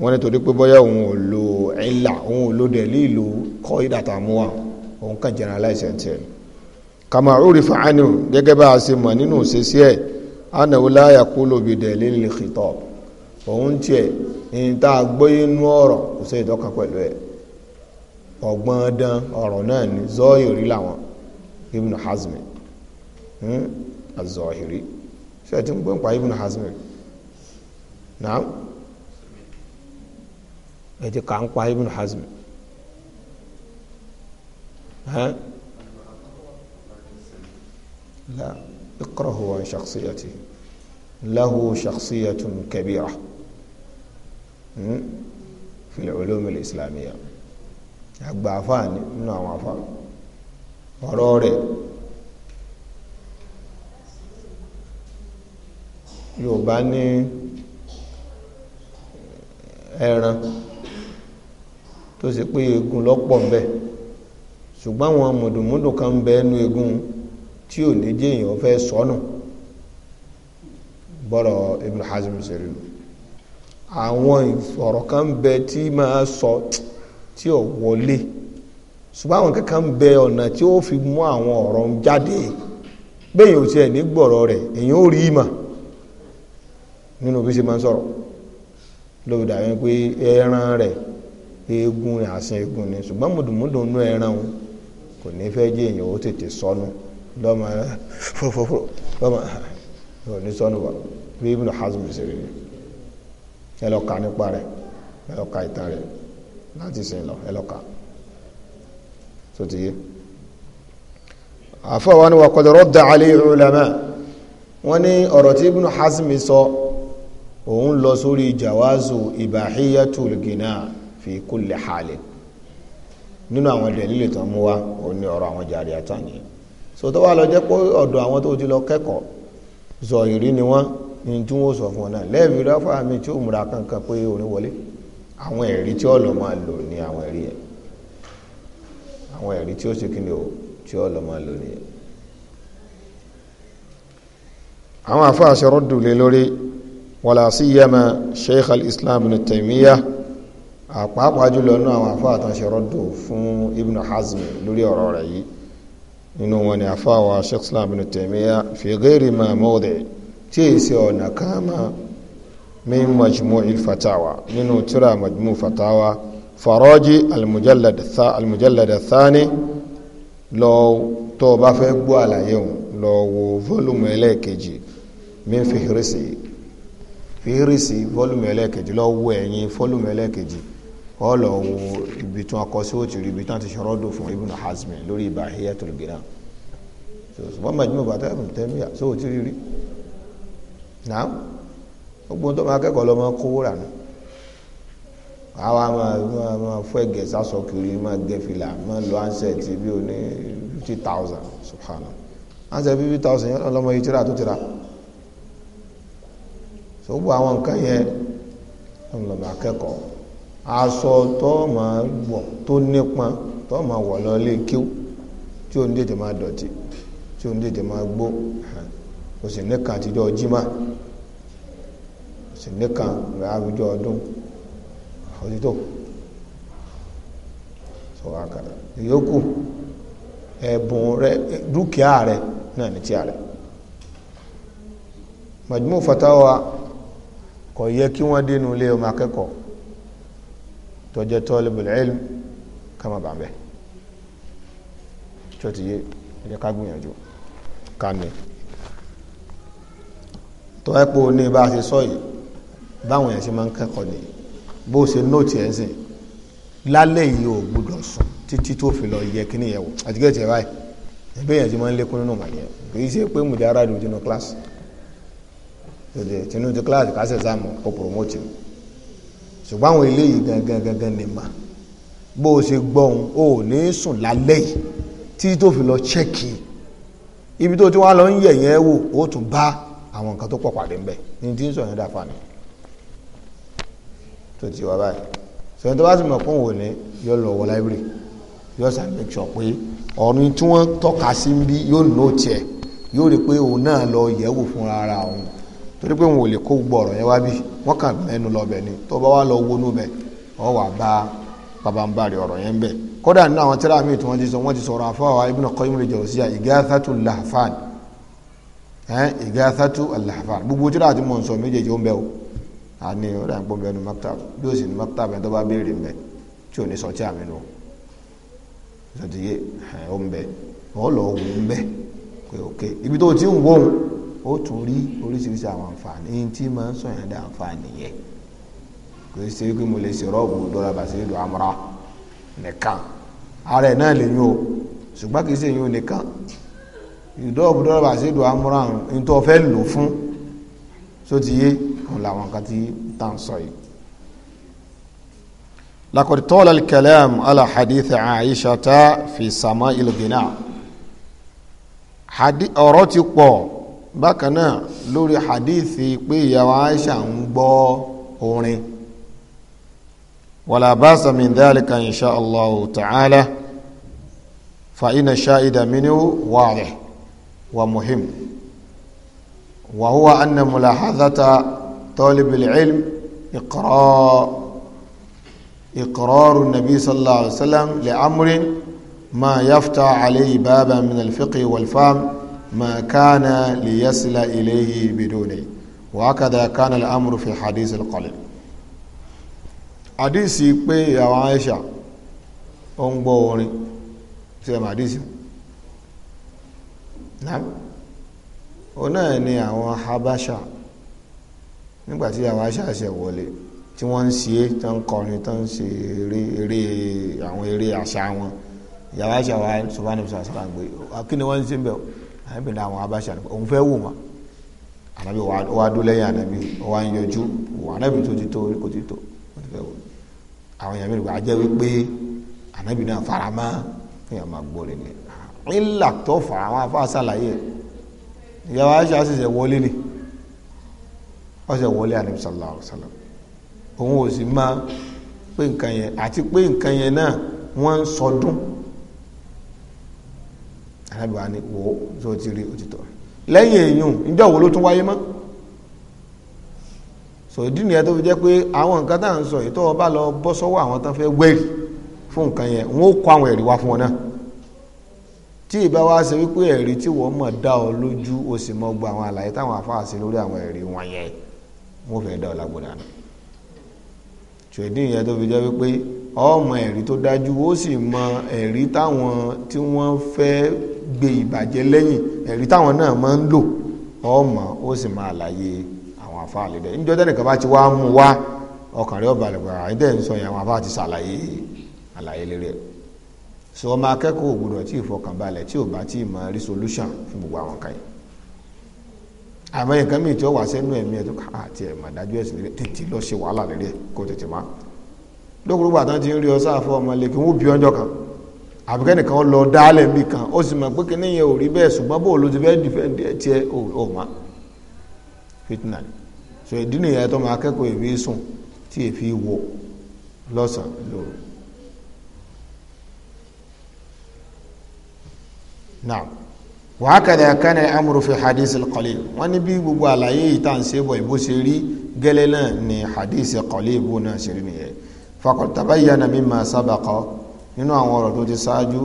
wọ́n ní torí pé bóyá òun ò lo ìlà òun ò lo dalilu kọ́ ìdàtàmúwà òun kàn generalize ẹ̀ tiẹ̀ kama urifa anhu gẹ́gẹ́ bá a ṣe mọ̀ nínú òṣèṣẹ́ ẹ̀ annahu la yaqulu bidalil khitab òun tiẹ̀ ní tá a gbóyé nú ọ̀rọ̀ kò sí ìtọ́ka pẹ̀lú ẹ̀ ọ̀gbọ́n dán ọ̀rọ̀ náà ní zọ́ọ̀yìrí làwọn Ibn Hazmi hmm? azọ̀hìrí ṣe ti ń gbọ́n pa Ibn Hazmi náà ẹ ti kà ń pa Ibn Hazmi لا اقرأه عن شخصيته له شخصية كبيرة Hmm? fil ulumil islamiyya àgbà àfáàní nínú àwọn afá ọ̀rọ̀ rẹ̀ yorùbá ní ẹran tó ṣe pé egun lọ́pọ̀ ń bẹ ṣùgbọ́n àwọn mùdùmùdù kan ń bẹ ẹnu egun tí ò ní jẹ́ èèyàn fẹ́ sọnù bọ́rọ̀ Ibn Hazm ṣe àwọn ọ̀rọ̀ kan ń bẹ tí máa sọ tí ò wọlé ṣùgbọ́n àwọn kankan ń bẹ ọ̀nà tí ó fi mú àwọn ọ̀rọ̀ ń jáde bẹ́ẹ̀ ò tiẹ̀ ní gbọ̀rọ̀ rẹ̀ rí ìmọ̀ nínú bí ṣe máa ń sọ̀rọ̀ lóbi dàbí pé ẹran rẹ̀ eegun ni àsìn eegun ni ṣùgbọ́n mùdùmùdù nú o kò ní fẹ́ jẹ́ èyàn ó tètè sọnù lọ́mọ lọ́mọ ní sọnù bí ṣe ẹ lọ kà nípa rẹ̀ ẹ lọ kà ìtàn rẹ̀ láti sìn lọ ẹ lọ kà tó ti yé àfọwọ́n ni wàkọ̀dọ̀ rọ́dà alẹ́ ìrùlẹ̀mà wọ́n ní ọ̀rọ̀ tí Ibn Hazm sọ òun lọ sórí jawazu ibahiyatul gina fi kulli halin nínú àwọn dẹ̀lílì tán mú wá òun ní ọ̀rọ̀ àwọn jàrí àtàní so tó wà lọ jẹ́ pé ọ̀dọ̀ àwọn tó ti lọ kẹ́kọ̀ọ́ zọ̀yìrí ni wọ́n ní tí wọ́n sọ fún ọ náà lẹ́ẹ̀bí ráfà mi tí ó múra kankan pé orin wọlé àwọn ẹ̀rí tí ọ̀lọ́ máa lò ní àwọn ẹ̀rí yẹn àwọn ẹ̀rí tí ó ṣe kíni o tí ọ̀lọ́ máa lò nìyẹn. àwọn afáàṣẹ rọ́dù lé lórí wàlá sí yẹmẹ sheikh al-islam ibn àpapàá jùlọ nínú àwọn afáàtàṣẹ rọ́dù fún ibn hazm lórí ọ̀rọ̀ rẹ̀ yìí nínú wọn ni afáwà sheikh islam ibn taymiya fi ghairi ma tí è ṣe ọ̀nà kan máa min majmu'il fatawa nínú tírà majmu' fatawa farọ́jì almujallad thani lọ tó o bá fẹ́ gbọ́ àlàyé wọn lọ wo fọ́lùmù ẹlẹ́ẹ̀kejì min fihirisi fihirisi fọ́lùmù ẹlẹ́ẹ̀kejì lọ wo ẹ̀yìn fọ́lùmù ẹlẹ́ẹ̀kejì ọlọ wo ibi tí wọn kọ sí òtún ibi tí wọn ti ṣọ̀rọ̀ dùn fún ibùn hazmi lórí ibahiyatul gina so wọn majmu' fatawa ibùn tẹmíyà sóòtún rí rí náà gbogbo tó máa kẹ́kọ̀ọ́ lọ́mọ kówó rà nù àwa máa máa fún ẹ̀gẹ̀ sásọ kiri máa gẹ fìlà máa lo ansẹ̀tì bí o ní fifty thousand subhana ansẹ̀tì fifty thousand yẹn lọ́mọ yìí tíra tó tíra sọ́gbọ́ àwọn nǹkan yẹn lọ́mọ akẹ́kọ̀ọ́ aṣọ tó máa wọ̀ tó nípọn tó máa wọ̀ lọ kíw tí o ní tètè máa dọ̀tí tí o ní tètè máa gbó hàn kò sì nìkan àtijọ́ jimá kò sì nìkan rẹ̀ àwùjọ ọdún òtítọ́ sọ àkàrà ìyókù ẹ̀bùn rẹ dúkìá rẹ náà ní tí a rẹ Majmu Fatawa kò yẹ kí wọ́n dénú ilé ọmọ akẹ́kọ̀ọ́ tó jẹ́ talibul ilm kama bàbẹ́ tó ti yé ẹ̀jẹ̀ ká gbìyànjú ká ní tọ́ ẹ pé o ní bá a ṣe sọ yìí báwọn yẹn ṣe máa ń kẹ́kọ̀ọ́ ni bó o ṣe nóòtì ẹ̀ ń sìn lálẹ́ yìí ò gbúdọ̀ sùn títí tó fi lọ yẹ kíní yẹ̀wò àti kẹ́ẹ̀tì ẹ̀ báyìí ẹgbẹ́ yẹn ti máa ń lékún nínú màlẹ́ yẹn kì í ṣe pé mo di aráàlú tinú kíláàsì tòde tinú ti kíláàsì kásẹ̀ sáàmù ó promote mi ṣùgbọ́n àwọn eléyìí gangan gangan ni mà bó o ṣe gbọ́ òun ò ní sùn lálẹ́ yìí títí tó fi lọ ṣẹ́kì ibi tó ti wá lọ ń yẹ̀ yẹn wò ó tún bá àwọn nǹkan tó pọ̀ pàdé ńbẹ ní tí ń sọ yẹn dàfa ni tó ti wá báyìí sọyìn tó bá sì mọ̀ pé òun ò ní yọ lọ wọ láìbírì yọ sàn make sure pé ọ̀run tí wọ́n tọ́ka sí ń bí yóò nù tiẹ̀ yóò rí pé òun náà lọ yẹ̀wò fúnra ara òun torí pé òun ò lè kó gbọ́ ọ̀rọ̀ yẹn wá bí wọ́n kàn mẹ́nu lọ́bẹ̀ ni tó bá wà lọ wọnú bẹ̀ ọ wà bá pabambari ọ̀rọ̀ yẹn bẹ̀ kódà nínú àwọn tírà míì tí wọ́n ti sọ wọ́n ti sọ̀rọ̀ àfọwà Ibn Qayyim al-Jawziyya ẹn ìgáṣátú àlàfà gbogbo tíra àti mọ̀ nsọ méjèèjì ó ń bẹ o àní ó dà ń pọ̀ bẹ́ẹ̀ nu maktab bí ó sì ní maktab ẹ̀ tó bá béèrè ń bẹ tí ò ní sọ tí àmì nù sọtìyé ẹ̀ ó ń bẹ wọ́n lọ wò ń bẹ pé òkè ibi tó ti ń wò ń ó tún rí oríṣiríṣi àwọn àǹfààní ní tí máa ń sọ yẹn dá àǹfààní yẹ kò sí pé mo lè ṣe rọ́ọ̀bù dọ́là bàṣẹ́ ìdò àmúra nìkan ara ẹ̀ náà lè yún o ṣùgbọ́n kì í ṣe yún nìkan ìdọ́ọ̀bù dọ́ọ̀bù àṣìdù amúra ní tó fẹ́ lò fún só ti yé òun làwọn kan ti tà ń sọ yìí لقد طال الكلام على حديث عائشة في سماء الغناء حديث ọ̀rọ̀ ti pọ̀ bákan náà lórí hadithi pé ìyàwó Aisha ń gbọ́ orin ولا بأس من ذلك إن شاء الله تعالى فإن الشاهد منه واضح ومهم وهو أن ملاحظة طالب العلم إقرار إقرار النبي صلى الله عليه وسلم لأمر ما يفتح عليه بابا من الفقه والفهم ما كان ليصل إليه بدونه وهكذا كان الأمر في حديث القليل حديث يقول يا عائشة أم بوري سيما حديث náà òun náà ni àwọn habasha nígbàtí àwọn aṣáṣẹ wọlé tí wọ́n ń ṣe é tó ń kọrin tó ń ṣe eré eré àwọn eré àṣà wọn ìyàwó àṣà wa sọfúnni sọ àṣà gbé kí ni wọ́n ń ṣe ń bẹ̀ àbí ní àwọn abáṣà òun fẹ́ wò wọ́n o wa dó lẹ́yìn ànábì wa ń yọjú ànábì tó ti tó kò ti tó wọ́n fẹ́ wò mi rò pé a jẹ́ wípé ànábì náà fara mọ́ kéèyàn máa gbọ́ ìlà tó fà àwọn afá sàlàyé ìyàwó aṣọ àṣìṣe wọlé ni ọṣẹ wọlé ànábì sallallahu òun ò sì máa pé nǹkan yẹn àti pé nǹkan yẹn náà wọ́n ń sọdún ànábì ni wò ó tó ti rí òtítọ́ lẹ́yìn èèyàn níjọ́ wo ló tún wáyé mọ́ sòdí nìyẹn tó fi jẹ́ pé àwọn nǹkan tá à ń sọ lọ bọ́ sọ́wọ́ àwọn tán fẹ́ tí ìbá wá ṣe wípé ẹ̀rí tí wọ́n mọ̀ dá ọ lójú o sì mọ̀ gba àwọn àlàyé táwọn afáàṣe lórí àwọn ẹ̀rí wọn yẹn wọ́n fẹ́ dá ọ lágbódà nù ṣèdí ìyẹn tó fi jẹ́ wípé ọmọ ẹ̀rí tó dájú ó sì mọ̀ ẹ̀rí táwọn tí wọ́n fẹ́ gbé ìbàjẹ́ lẹ́yìn ẹ̀rí táwọn náà máa ń lò ọmọ ó sì máa àlàyé àwọn afáà lédè níjọ́ tẹ́nìkan bá ti wá mú wá ọkàn rẹ̀ ọ̀bàlẹ̀ pẹ̀lú àìdẹ́ ń sọ yẹn àwọn afáà ti ṣàlàyé àlàyé lérí ẹ̀ so ọmọ akẹ́kọ̀ọ́ ògbúdọ̀ tí ìfọkànbalẹ̀ tí ò bá tí ì mọ resolution fún gbogbo àwọn kan yìí àmọ́ nǹkan mìíràn tí ó wà sẹ́nu ẹ̀mí ẹ̀ tó ká àti ẹ̀ mà dájú ẹ̀sìn rẹ̀ tètè lọ ṣe wàhálà rẹ̀ kó tètè má lókùrú bàtà ti ń rí ọ sáà fún ọmọ ilé kí wọ́n bí ọjọ́ kan àbíkẹ́ nìkan lọ dálẹ̀ bí kan ó sì mọ̀ pé kí níyẹn ò rí bẹ́ẹ̀ ṣùgbọ́n bó ló ti fẹ́ dìfẹ́ǹdì ẹ̀ tiẹ̀ ò má fitna so ìdí nìyẹn tó máa kẹ́kọ̀ọ́ èmi sùn tí èfi wò lọ́sàn-án lóru náà wàhákàdà kánà amúrò fi hadith al-qalib wọ́n ní bí gbogbo àlàyé yìí tá à ń ṣe bọ̀ ìbò ṣe rí gẹ́lẹ́ náà ni hadith al-qalib bó náà ṣe rí nìyẹn faqad tabayyana mimma sabaqa nínú àwọn ọ̀rọ̀ tó ti ṣáájú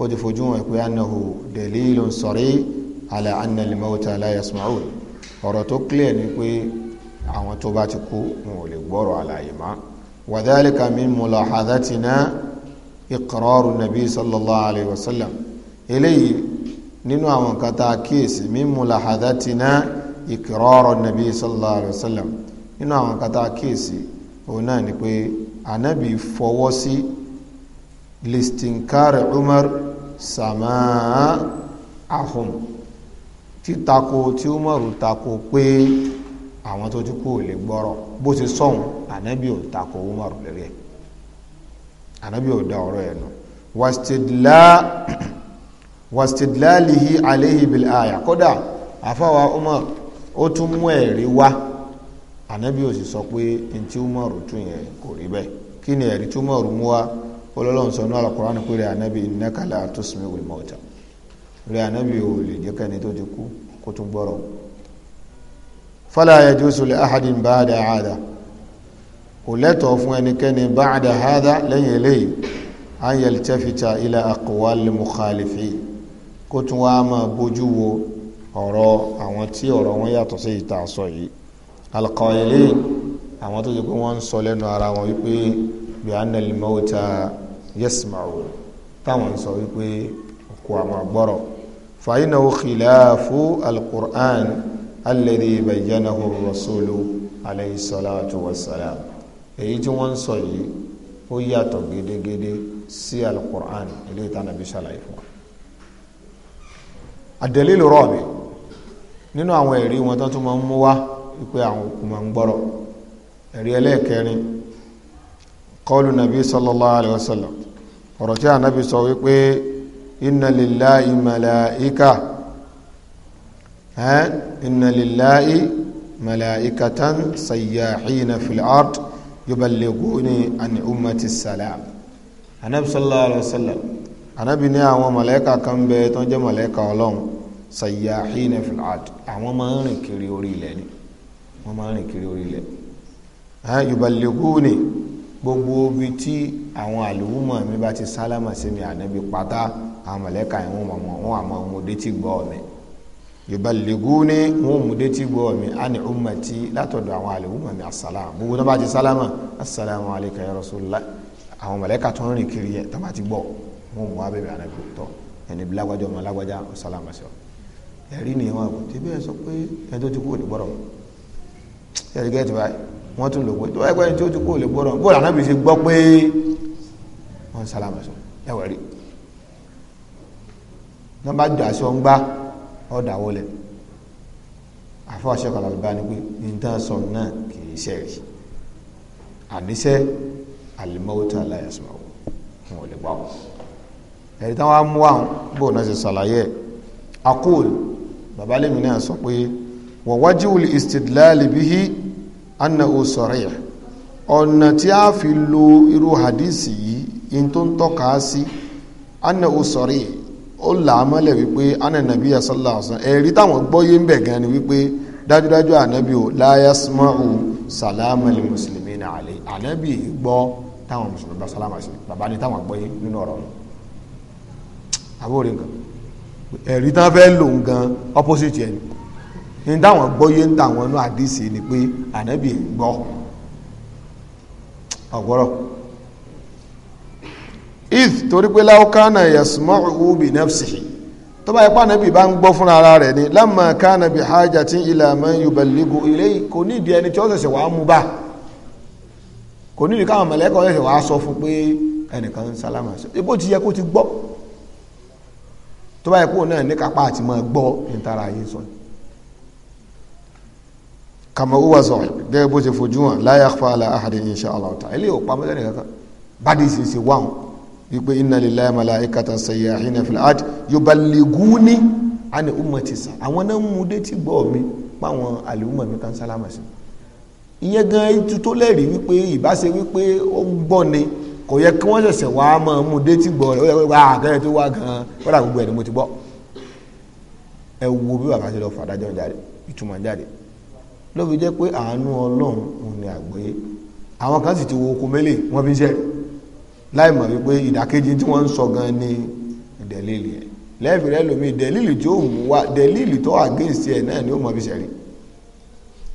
ó ti fojú wọn pé annahu dalilun sari ala anna al-mawta la yasma'un ọ̀rọ̀ tó clear ni pé àwọn tó bá ti kú wọn ò lè gbọ́rọ̀ àlàyé má wa dhalika min eléyìí nínú àwọn nǹkan tá a kíyèsí mímú làhàdátìná ìkìrọ̀rọ̀ nàbí sallallahu alayhi wa sallam nínú àwọn nǹkan tá a kíyèsí òun náà ni pé ànábì fọwọ́ sí listinkari umar samaa ahum títako tí umaru tako pé àwọn tó ti kú ò lè gbọ́rọ̀ bó ti sọ̀hún ànábì ò tako umaru lórí ẹ̀ ànábì ò da ọ̀rọ̀ ẹ̀ nù wàstidlá wàstidláàlìhí àléhì bil àyà kódà àfáwà Umar ó tún mú ẹ̀rí wá ànábì ò sì sọ pé n tí Umar tún yẹn kò rí bẹ́ẹ̀ kí ni ẹ̀rí tí Umar mú wá olólùwọ̀n sọ ní alukóran pé rẹ̀ ànábì innaka la tusmi'ul mauta rẹ̀ ànábì ò lè jẹ́ kẹ́ni tó ti kú kó tún gbọ́rọ̀ fala yajuzu li ahadin ba'da hada kò lẹ́tọ̀ọ́ fún ẹnikẹ́ni ba'da hada lẹ́yìn eléyìí an yaltafita ila aqwal mukhalifin kó tún wá máa bójú wo ọ̀rọ̀ àwọn tí ọ̀rọ̀ wọn yàtọ̀ sí ìta sọ yìí alqaili àwọn tó ṣe pé wọ́n ń sọ lẹ́nu ara wọn wípé bí anna al-mauta yasma'u táwọn ń sọ wípé kò àmọ́ gbọ́rọ̀ fa innahu khilafu al-Qur'an alladhi bayyanahu ar-rasulu alayhi èyí tí wọ́n ń sọ yìí ó yàtọ̀ gédégédé sí al ilé ìtànàbí ṣàlàyé fún wa àdẹ̀lélò rọ̀ọ̀bì nínú àwọn ẹ̀rí wọn tó tún máa ń mú wá wípé àwọn òkú máa ń gbọ́rọ̀ ẹ̀rí ẹlẹ́ẹ̀kẹrin kọlu nàbí sallallahu alayhi wa sallam ọ̀rọ̀ tí ànábì sọ wípé inna lillahi malaika inna lillahi malaikatan sayyahina fil ard anábì ní àwọn mọ̀lẹ́kà kan bẹ tó ń jẹ́ mọ̀lẹ́kà ọlọ́run sayyahina fil ard àwọn máa ń rìn kiri orí ilẹ̀ ni wọ́n máa ń rìn kiri orí ilẹ̀ yuballiguni gbogbo ibi tí àwọn àlùmọ̀ mi bá ti sálámà sí mi ànábi pátá àwọn mọ̀lẹ́kà yẹn wọ́n mọ̀ wọ́n àmọ́ wọn òde tí gbọ́ mi yuballiguni wọn òmùdé tí gbọ́ mi àni ummati látọ̀dọ̀ àwọn àlùmọ̀ mi asàlámà gbogbo náà bá ti sálámà asàlámù ya rasulullah àwọn mọ̀lẹ́kà tó ń rìn kiri yẹn tó bá ti gbọ́ wọn mú abẹ́bẹ́ àrẹ kò tọ́ ẹni bilágbájá ọmọ alágbájá ọ̀sálàmà sí ọ ẹ̀rí ni wọn kò tí bẹ́ẹ̀ sọ pé ẹni tó ti kú òní gbọ́dọ̀ ẹ̀rí gẹ́tì báyìí wọ́n tún lò pé tó ẹgbẹ́ ẹni tó ti kú òní gbọ́dọ̀ bóòlù àná bìí ṣe gbọ́ pé wọ́n sálàmà ẹwà rí wọ́n bá dà ń gbá ọ̀dà wọlé àfọ àṣekọ̀ làlùbá ni wọn ò lè gbà wọ́n ẹ̀rí táwọn amú àwọn bó náà ṣe ṣàlàyé ẹ̀ akul bàbá lèmi náà sọ pé wa wajhul istidlal bihi annahu sarih ọ̀nà tí a fi lo irú hadisi yìí in tó ń tọ́ka sí annahu sarih ó là á mọ́lẹ̀ wípé anànàbí asọ́lá ọ̀sán ẹ̀rí táwọn gbọ́yé ń bẹ̀ gan ni wípé dájúdájú ànábì ò la yasma'u sàlámà lil muslimina alayhi ànábì gbọ́ táwọn mùsùlùmí bá sálámà sí bàbá ní táwọn gbọ́yé nínú ọ̀rọ̀ yìí àbórí nǹkan ẹ̀rí tán fẹ́ lò ń gan opposite ẹni ní táwọn gbọ́yé ń tàwọn inú àdìsí ni pé ànábì gbọ́ ọ̀gbọ́rọ̀ if torí pé láwùkánà yasmọ́ ubi nafsihi tó bá ipá ànábì bá ń gbọ́ ara rẹ̀ ni lámà kánà bí hajatin ila man yuballighu kò ní ìdí ẹni tí ó ṣẹ̀ṣẹ̀ wàá mú bá kò ní ìdí káwọn mọ̀lẹ́kọ̀ọ́ ṣẹ̀ṣẹ̀ wàá sọ fún pé ẹnìkan ń sálámà sí tó bá yẹ kó náà ní kápá àti máa gbọ́ nítara yìí sọ kàmọ́wó wa sọ gẹ́gẹ́ bó ṣe fojú hàn la yakhfa ala ahadin insha Allah ta'ala ilé òpá mọ́tẹ́nì kankan bádìí sì ṣe wáhùn wípé inna lillahi malaikatan sayyahina fil ard yuballiguni ani ummati sa àwọn náà mú dé tí gbọ́ mi páwọn àlùmọ̀ mi kan sálámà sí ìyẹn gan-an tó lẹ́rìí wípé ìbáṣe wípé ó gbọ́ ni kò yẹ kí wọ́n ṣẹ̀ṣẹ̀ wá mọ́ mú détí gbọ́ rẹ̀ ó yẹ wá àkẹ́rẹ́ ah, tó wá gan-an kọ́dà gbogbo ẹ̀ ni mo ti gbọ́ ẹ wo bí bàbá ṣe lọ fàdájọ́ jáde ìtumọ̀ jáde ló fi jẹ́ pé àánú ọlọ́run òun ni àgbọ́yé àwọn kan sì ti wo oko mélèé wọ́n fi ṣẹ́ láì mọ̀ wípé ìdàkejì tí wọ́n ń sọ gan ni ìdẹ̀lẹ́lì ẹ̀ lẹ́ẹ̀fì rẹ lómi ìdẹ̀lẹ́lì tí ó mú wa ìdẹ̀lẹ́lì tó against ẹ̀ náà ni ó mọ̀ fi ṣẹ̀rí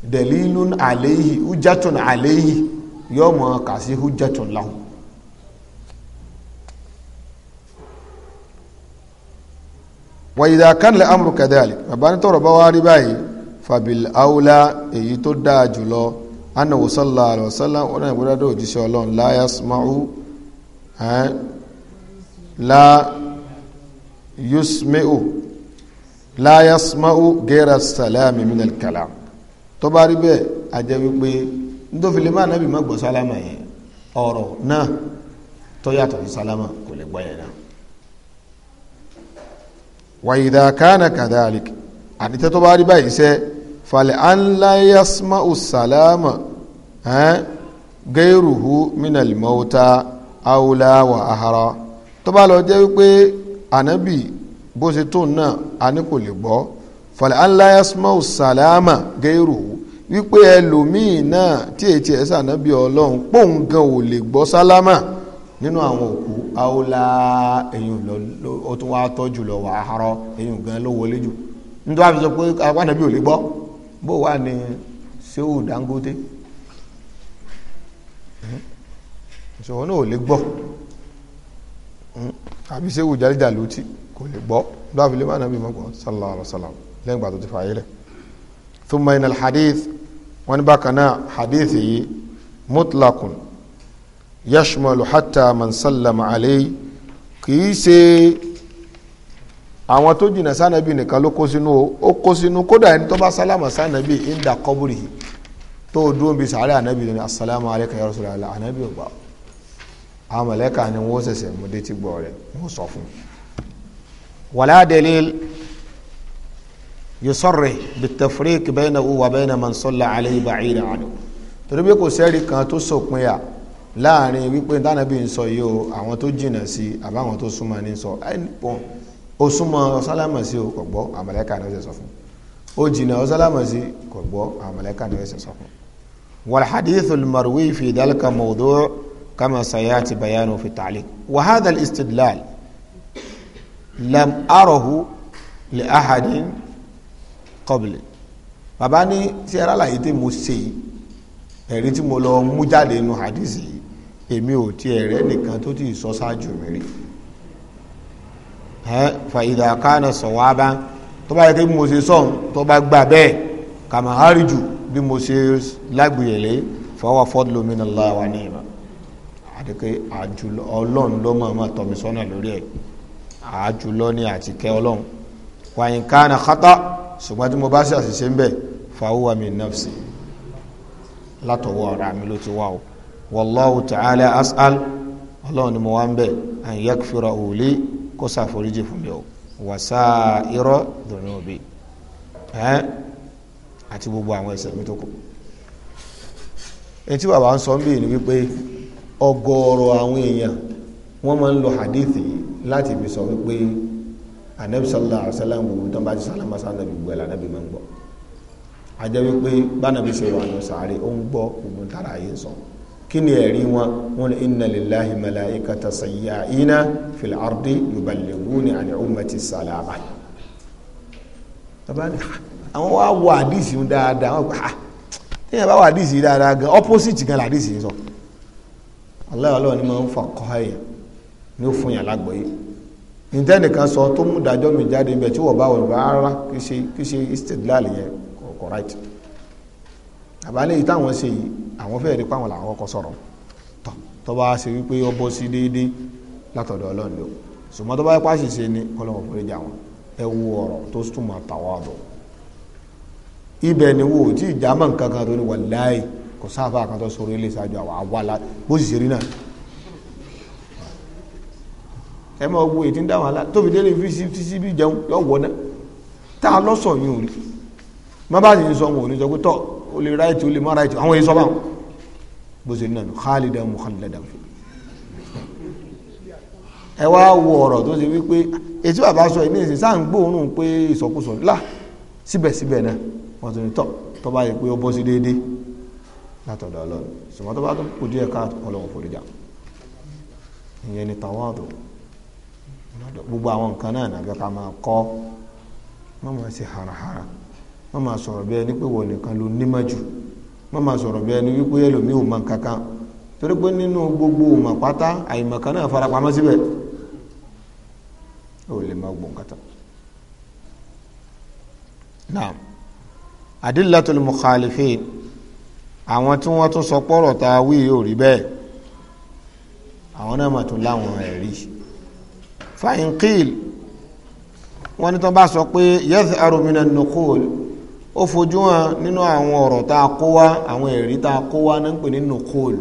ìdẹ̀lẹ́lù àléyìí hujjatun àléyìí yóò mọ̀ kà sí hujjatun láhùn wa idha kana al-amru kadhalik bàbá ní tọrọ bá wá rí báyìí fabil aula èyí tó dáa jùlọ anahu sallallahu alayhi wa sallam wọn náà gbọdọ òjíṣẹ́ Ọlọ́run la yasma'u eh, la yusmi'u la yasma'u ghayra salami min al-kalam tó bá rí bẹ́ẹ̀ ajẹ́ wípé nítorí lè má nàbì má gbọ́ sálámà yẹn ọ̀rọ̀ náà tó kò lè gbọ́ yẹn náà wàyídà kánà kadhalik àdìtẹ́ tó bá rí báyìí sẹ́ falẹ̀ anlayasma usalama ẹ́n eh, gẹ́rùhù minal mauta awla wa ahara tó bá lọ jẹ́ wípé ànábì bó ṣe tó náà a ní kò lè gbọ́ falẹ̀ anlayasma usalama gẹ́rùhù wípé ẹlòmíì náà tí èyí ti ẹ̀ sànábì ọlọ́run pòun ò lè gbọ́ sálámà nínú àwọn òkú aola èyàn lọ ó tún wá tọ́jú lọ wà áhárọ́ èyàn gan ló wọlé jù nítorí àfi sọ pé apánàbí ò lè gbọ́ bó wà ní Ṣéhù Dangote ìṣòro hmm? náà ò lè gbọ́ hmm? àbí Ṣéhù Jàlíjàlútì kò lè gbọ́ nítorí àfi lè má nàbí mọ́gbọ́n sallallahu alaihi wasallam lẹ́yìn ìgbà tó ti fààyè rẹ̀ thumma inal hadith wọn ní bákan náà hadith yìí mutlaqun yashmalu hatta man sallama alayhi kìí ṣe àwọn tó jìnnà sànàbí nìkan ló kó sínú ó kó sínú kódà ẹni tó bá sálámà sànàbí inda qabri tó o dúró bí sàárẹ̀ ànábì ní assalamu alayka ya rasulullah ànábì ò gbà ó àwọn mọ̀lẹ́ka ni wọ́n ṣẹ̀ṣẹ̀ mú dé ti gbọ́ rẹ̀ wọ́n sọ fún un. wala dalil yusarrih bit-tafriq baynahu wa bayna man salla alayhi ba'idan anhu torí bí kò sẹ́rí kan tó sọ̀pin yà láàrin wípé tánàbí ń sọ yìí o àwọn tó jìnà sí àbáwọn tó súnmọ́ ní sọ ẹnìpọ̀ ó súnmọ́ ọ̀sálámà sí o kò gbọ́ àmọ̀lẹ́kà ni ó ṣe sọ fún ó jìnà ọ̀sálámà sí kò gbọ́ àmọ̀lẹ́kà ni ó ṣe sọ fún. والحديث المروي في ذلك موضوع كما سياتي بيانه في التعليق وهذا الاستدلال لم أره لأحد قبل bàbá ní sí ara àlàyé tí mo ṣe ẹ̀rí tí mo lọ mú jáde nínú hadith yìí èmi ò tiẹ̀ rẹ́ nìkan tó ti sọ ṣáájú mi rí fa idha kana sawaban tó bá yẹ kí mo ṣe sọ̀n tó bá gbà bẹ́ẹ̀ kàmá hárìjù bí mo ṣe lágbèyẹ̀lé fahuwa fadlu minallahi wa ni'ma àdìkẹ́ àjùlọ ọlọ́run ló máa máa tọ́ mi sọ́nà lórí ẹ̀ àjùlọ ni àtìkẹ́ ọlọ́run wa in kana ṣùgbọ́n tí mo bá ṣe àṣìṣe ń bẹ̀ fahuwa min nafsi látọwọ́ ara mi ló ti wá o wallahu ta'ala as'al ọlọ́run ni mo wá ń bẹ̀ an yakfira òòlé kó ṣàforíjì fún mi o wàsá irọ́ dùnú òbí ẹ́ àti gbogbo àwọn ẹ̀ṣẹ̀ mi tó kù etí bàbá ń sọ ń bèèrè wípé ọ̀gọ̀ọ̀rọ̀ àwọn èèyàn wọ́n máa ń lo hadithi láti fi sọ wípé anabi sallallahu alaihi wa sallam gbogbo tán bá ti sàlámà sàlámà gbogbo a jẹ́ wípé bánàbì ṣe wà ní sàárè ó ń gbọ́ gbogbo tára ayé sọ kí ni ẹ̀rí wọn wọn ni inna lillahi malaikata sayya'ina fil ardi yuballighuna an ummati salama bàbá àwọn wá wọ àdìsí dáadáa wọn gbà téèyàn bá wọ àdìsí dáadáa gan opposite gan làdìsí sọ aláwọ aláwọ ni máa ń fa kọ́ ẹ̀yà ni ó fún yàn lágbọ̀ọ́yé nìtẹ́nìkan sọ tó mú dájọ́ mi jáde níbẹ̀ tí wọ́n bá wọ̀ rárá kí ṣe istidlal yẹn kọ̀ right àbálẹ̀ yìí táwọn ṣe yìí àwọn fẹ́ẹ̀ rí páwọn làwọn kọ́kọ́ sọ̀rọ̀ tọ́ tó bá ṣe wípé ó bọ́ sí déédéé látọ̀dọ̀ ọlọ́run ṣùgbọ́n tó bá yẹ pàṣẹ ṣe ni ọlọ́run fúnlẹ̀ jà wọn ẹ wo ọ̀rọ̀ tó túmọ̀ tàwọn àbọ̀ ibẹ̀ ni wo tí ìjàmọ̀ nǹkan kan tó ní wàláì kò sáfà kan tó sọ̀rọ̀ ilé ìsájú àwọn àwàlá bó sì ṣe rí náà ẹ máa wo ètí ń dá wàhálà tóbi délé fi sí sí bí jẹun yọ wọ náà tá a lọ sọ yín ò rí má bá sì ń sọ wọn ò ní sọ pé tọ́ o lè ráìtì o lè má ráìtì àwọn èyí sọ́bà bó ṣe nínú khalidan mukhalladan fi ẹ wá wo ọ̀rọ̀ tó ṣe wípé etí bàbá sọ ìní ìsìn sáà ń gbóòórùn pé ìsọkúsọ là síbẹ̀síbẹ̀ náà wọ́n ti ní tọ́ tọ́ bá yẹ pé ó bọ́ sí déédéé látọ̀dọ̀ ọlọ́run ṣùgbọ́n tó bá tó kù díẹ̀ ká ọlọ́run foríjà ìyẹn ni tàwádù gbogbo àwọn nǹkan náà nàbẹ́ ká máa kọ́ mọ́ mọ́ sí harahara má máa sọ̀rọ̀ bí ẹni pé wọ́n nìkan ló nímọ̀ jù má máa sọ̀rọ̀ bí ẹni wípé ẹlòmíì ò mọ̀ kankan torí pé nínú gbogbo òmọ̀ pátá àìmọ̀ kan náà farapamọ́ síbẹ̀ ó lè má gbọ̀n kata. naam adillatul mukhalifin àwọn tí wọ́n tún sọ pọ́rọ̀ ta wí yóò rí bẹ́ẹ̀ àwọn náà mà tún láwọn ẹ̀rí fàyínqìl wọ́n ní tán bá sọ pé yẹ́sì arúmínà nùkúl ó fojú hàn nínú àwọn ọ̀rọ̀ tá a kó wá àwọn ẹ̀rí tá a kó wá náà ń pè ní nukul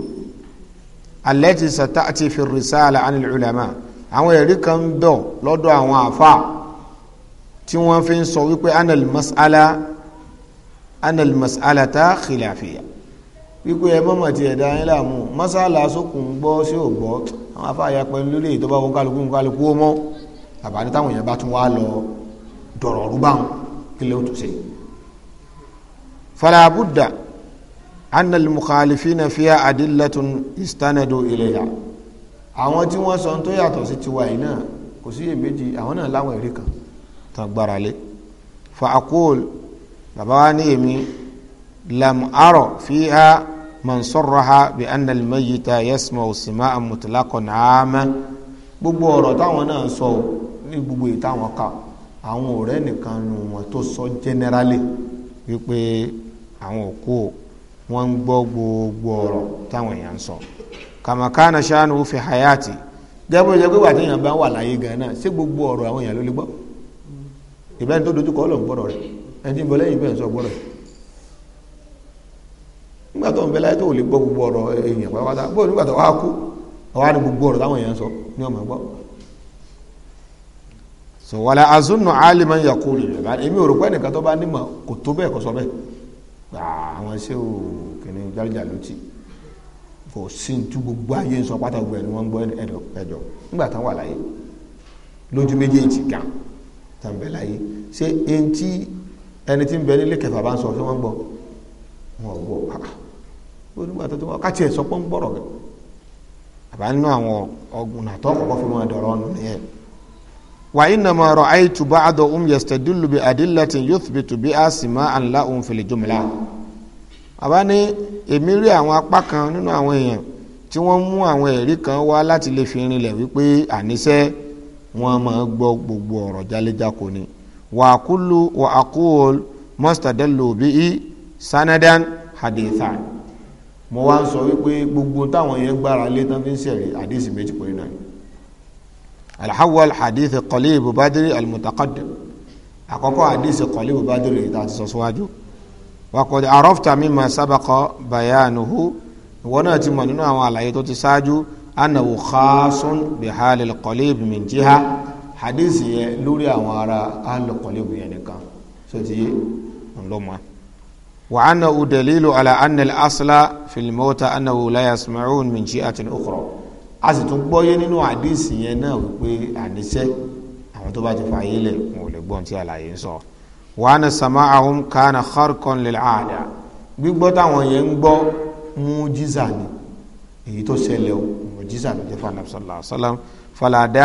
alẹ́tì sata àti firisala anil ulama àwọn ẹ̀rí kan bẹ̀ lọ́dọ̀ àwọn àfa tí wọ́n fi ń sọ wípé anal mas'ala anal mas'ala ta khilafiya wípé ẹ mọ́mọ́ ti ẹ̀dá yín láàmú mas'ala sókùn gbọ́ sí ò gbọ́ àwọn afa àyà pẹ̀lú lórí èyí bá wọn kálukú kálukú ó mọ́ àbáni táwọn èèyàn bá tún wá lọ dọ̀rọ̀ rúbáwọn kí ló tún ṣe فلا بد أن المخالفين فيها أدلة استندوا إليها àwọn tí wọ́n sọ tó yàtọ̀ sí tiwa yìí náà kò sí èméjì àwọn náà láwọn ẹ̀rí kan tán gbára lé fa akóòl bàbá wa ní èmi lam arọ fi ha man sọ̀rọ̀ ha bí anal mayita yasma osima amutilakọ naama gbogbo ọ̀rọ̀ táwọn náà sọ ní gbogbo ìtàwọn ká àwọn ọ̀rẹ́ nìkan nù wọn tó sọ jẹ́nẹ́rálì wípé àwọn òkú o wọ́n ń gbọ́ gbogbo ọ̀rọ̀ táwọn èèyàn ń sọ kàmàkánà ṣáánù fi hayati gẹ́gbẹ́ ìjọba ìgbà tí èèyàn bá wà láyé gan náà ṣé gbogbo ọ̀rọ̀ àwọn èèyàn ló lè gbọ́ ìbẹ́ni tó dojúkọ ọlọ́run gbọ́dọ̀ rẹ̀ ẹni tí ń bọ lẹ́yìn bẹ́ẹ̀ ń sọ gbọ́dọ̀ rẹ̀ nígbà tó ń bẹ láyé tó lè gbọ́ gbogbo ọ̀rọ̀ èèyàn pàápàá bó nígbà tó wá kú ọwá ní gbogbo ọ̀rọ̀ táwọn èèyàn sọ ní ọmọ gbọ́ so wàlẹ̀ azúnù alimanyakuli, yakulu èmi ò rò pé ẹnìkan tó bá nímọ̀ kò tó bẹ́ẹ̀ kó sọ Ah, àwọn iṣẹ́ ò kìnnì jálíjà ló ti kò sí ní gbogbo ayé ń sọ pátá gbogbo ẹni wọ́n ń gbọ́ ẹ̀dọ̀ nígbà táwọn wà láyé lójú méjèèjì gan tàbí láyé ṣé ẹni ẹni tí ń bẹ nílé kẹfà bá ń sọ ṣé wọ́n ń gbọ́ wọn ò gbọ́ ah, ó nígbà tó tó wọn ká tiẹ̀ sọ pé ń gbọ́rọ̀ àbá nínú àwọn ọgùn àtọ́ kọ̀ọ̀kan wọn dọ̀rọ̀ nù nìyẹn wa innama ra'aytu ba'dahum yastadillu bi adillatin yuthbitu bi asma'an lahum fil jumla àbá ní èmi rí àwọn apá kan nínú àwọn èèyàn tí wọ́n mú àwọn ẹ̀rí kan wá láti lè fi rinlẹ̀ wípé àníṣe wọ́n máa gbọ́ gbogbo ọ̀rọ̀ jálẹ́jáko ni wa aqulu wa aqul mustadallu bihi sanadan hadithan mo wá ń sọ wípé gbogbo táwọn yẹn gbára lé tán fi ń ṣẹ̀rí àdéhìsì méjì péré náà alhawal hadith qalibu badri almutaqaddim àkọ́kọ́ hadith qalibu badri tá a ti sọ síwájú wa qad arafta mimma sabaqa bayanuhu ìwọ náà ti mọ̀ nínú àwọn àlàyé tó ti ṣáájú annahu khasun bihalil qalib min jiha hadith yẹn lórí àwọn ará ahlul qalib yẹn nìkan so ti yé ńlọmọ. وأنه دليل على أن الأصل في الموتى أنه لا يسمعون من شيئة أخرى a sì tún gbọ́yé nínú àdìsí yẹn náà wípé àníṣe àwọn tó bá ti fààyè lẹ̀ wọn ò lè gbọ́n tí àlàyé ń sọ. wàhánà sàmà ahum kánà kharkan lil àdá gbígbọ́ táwọn yẹn ń gbọ́ mú jísà ni èyí tó ṣẹlẹ̀ o jísà ló jẹ́ fànà sallallahu alaihi wasallam fàlà àdá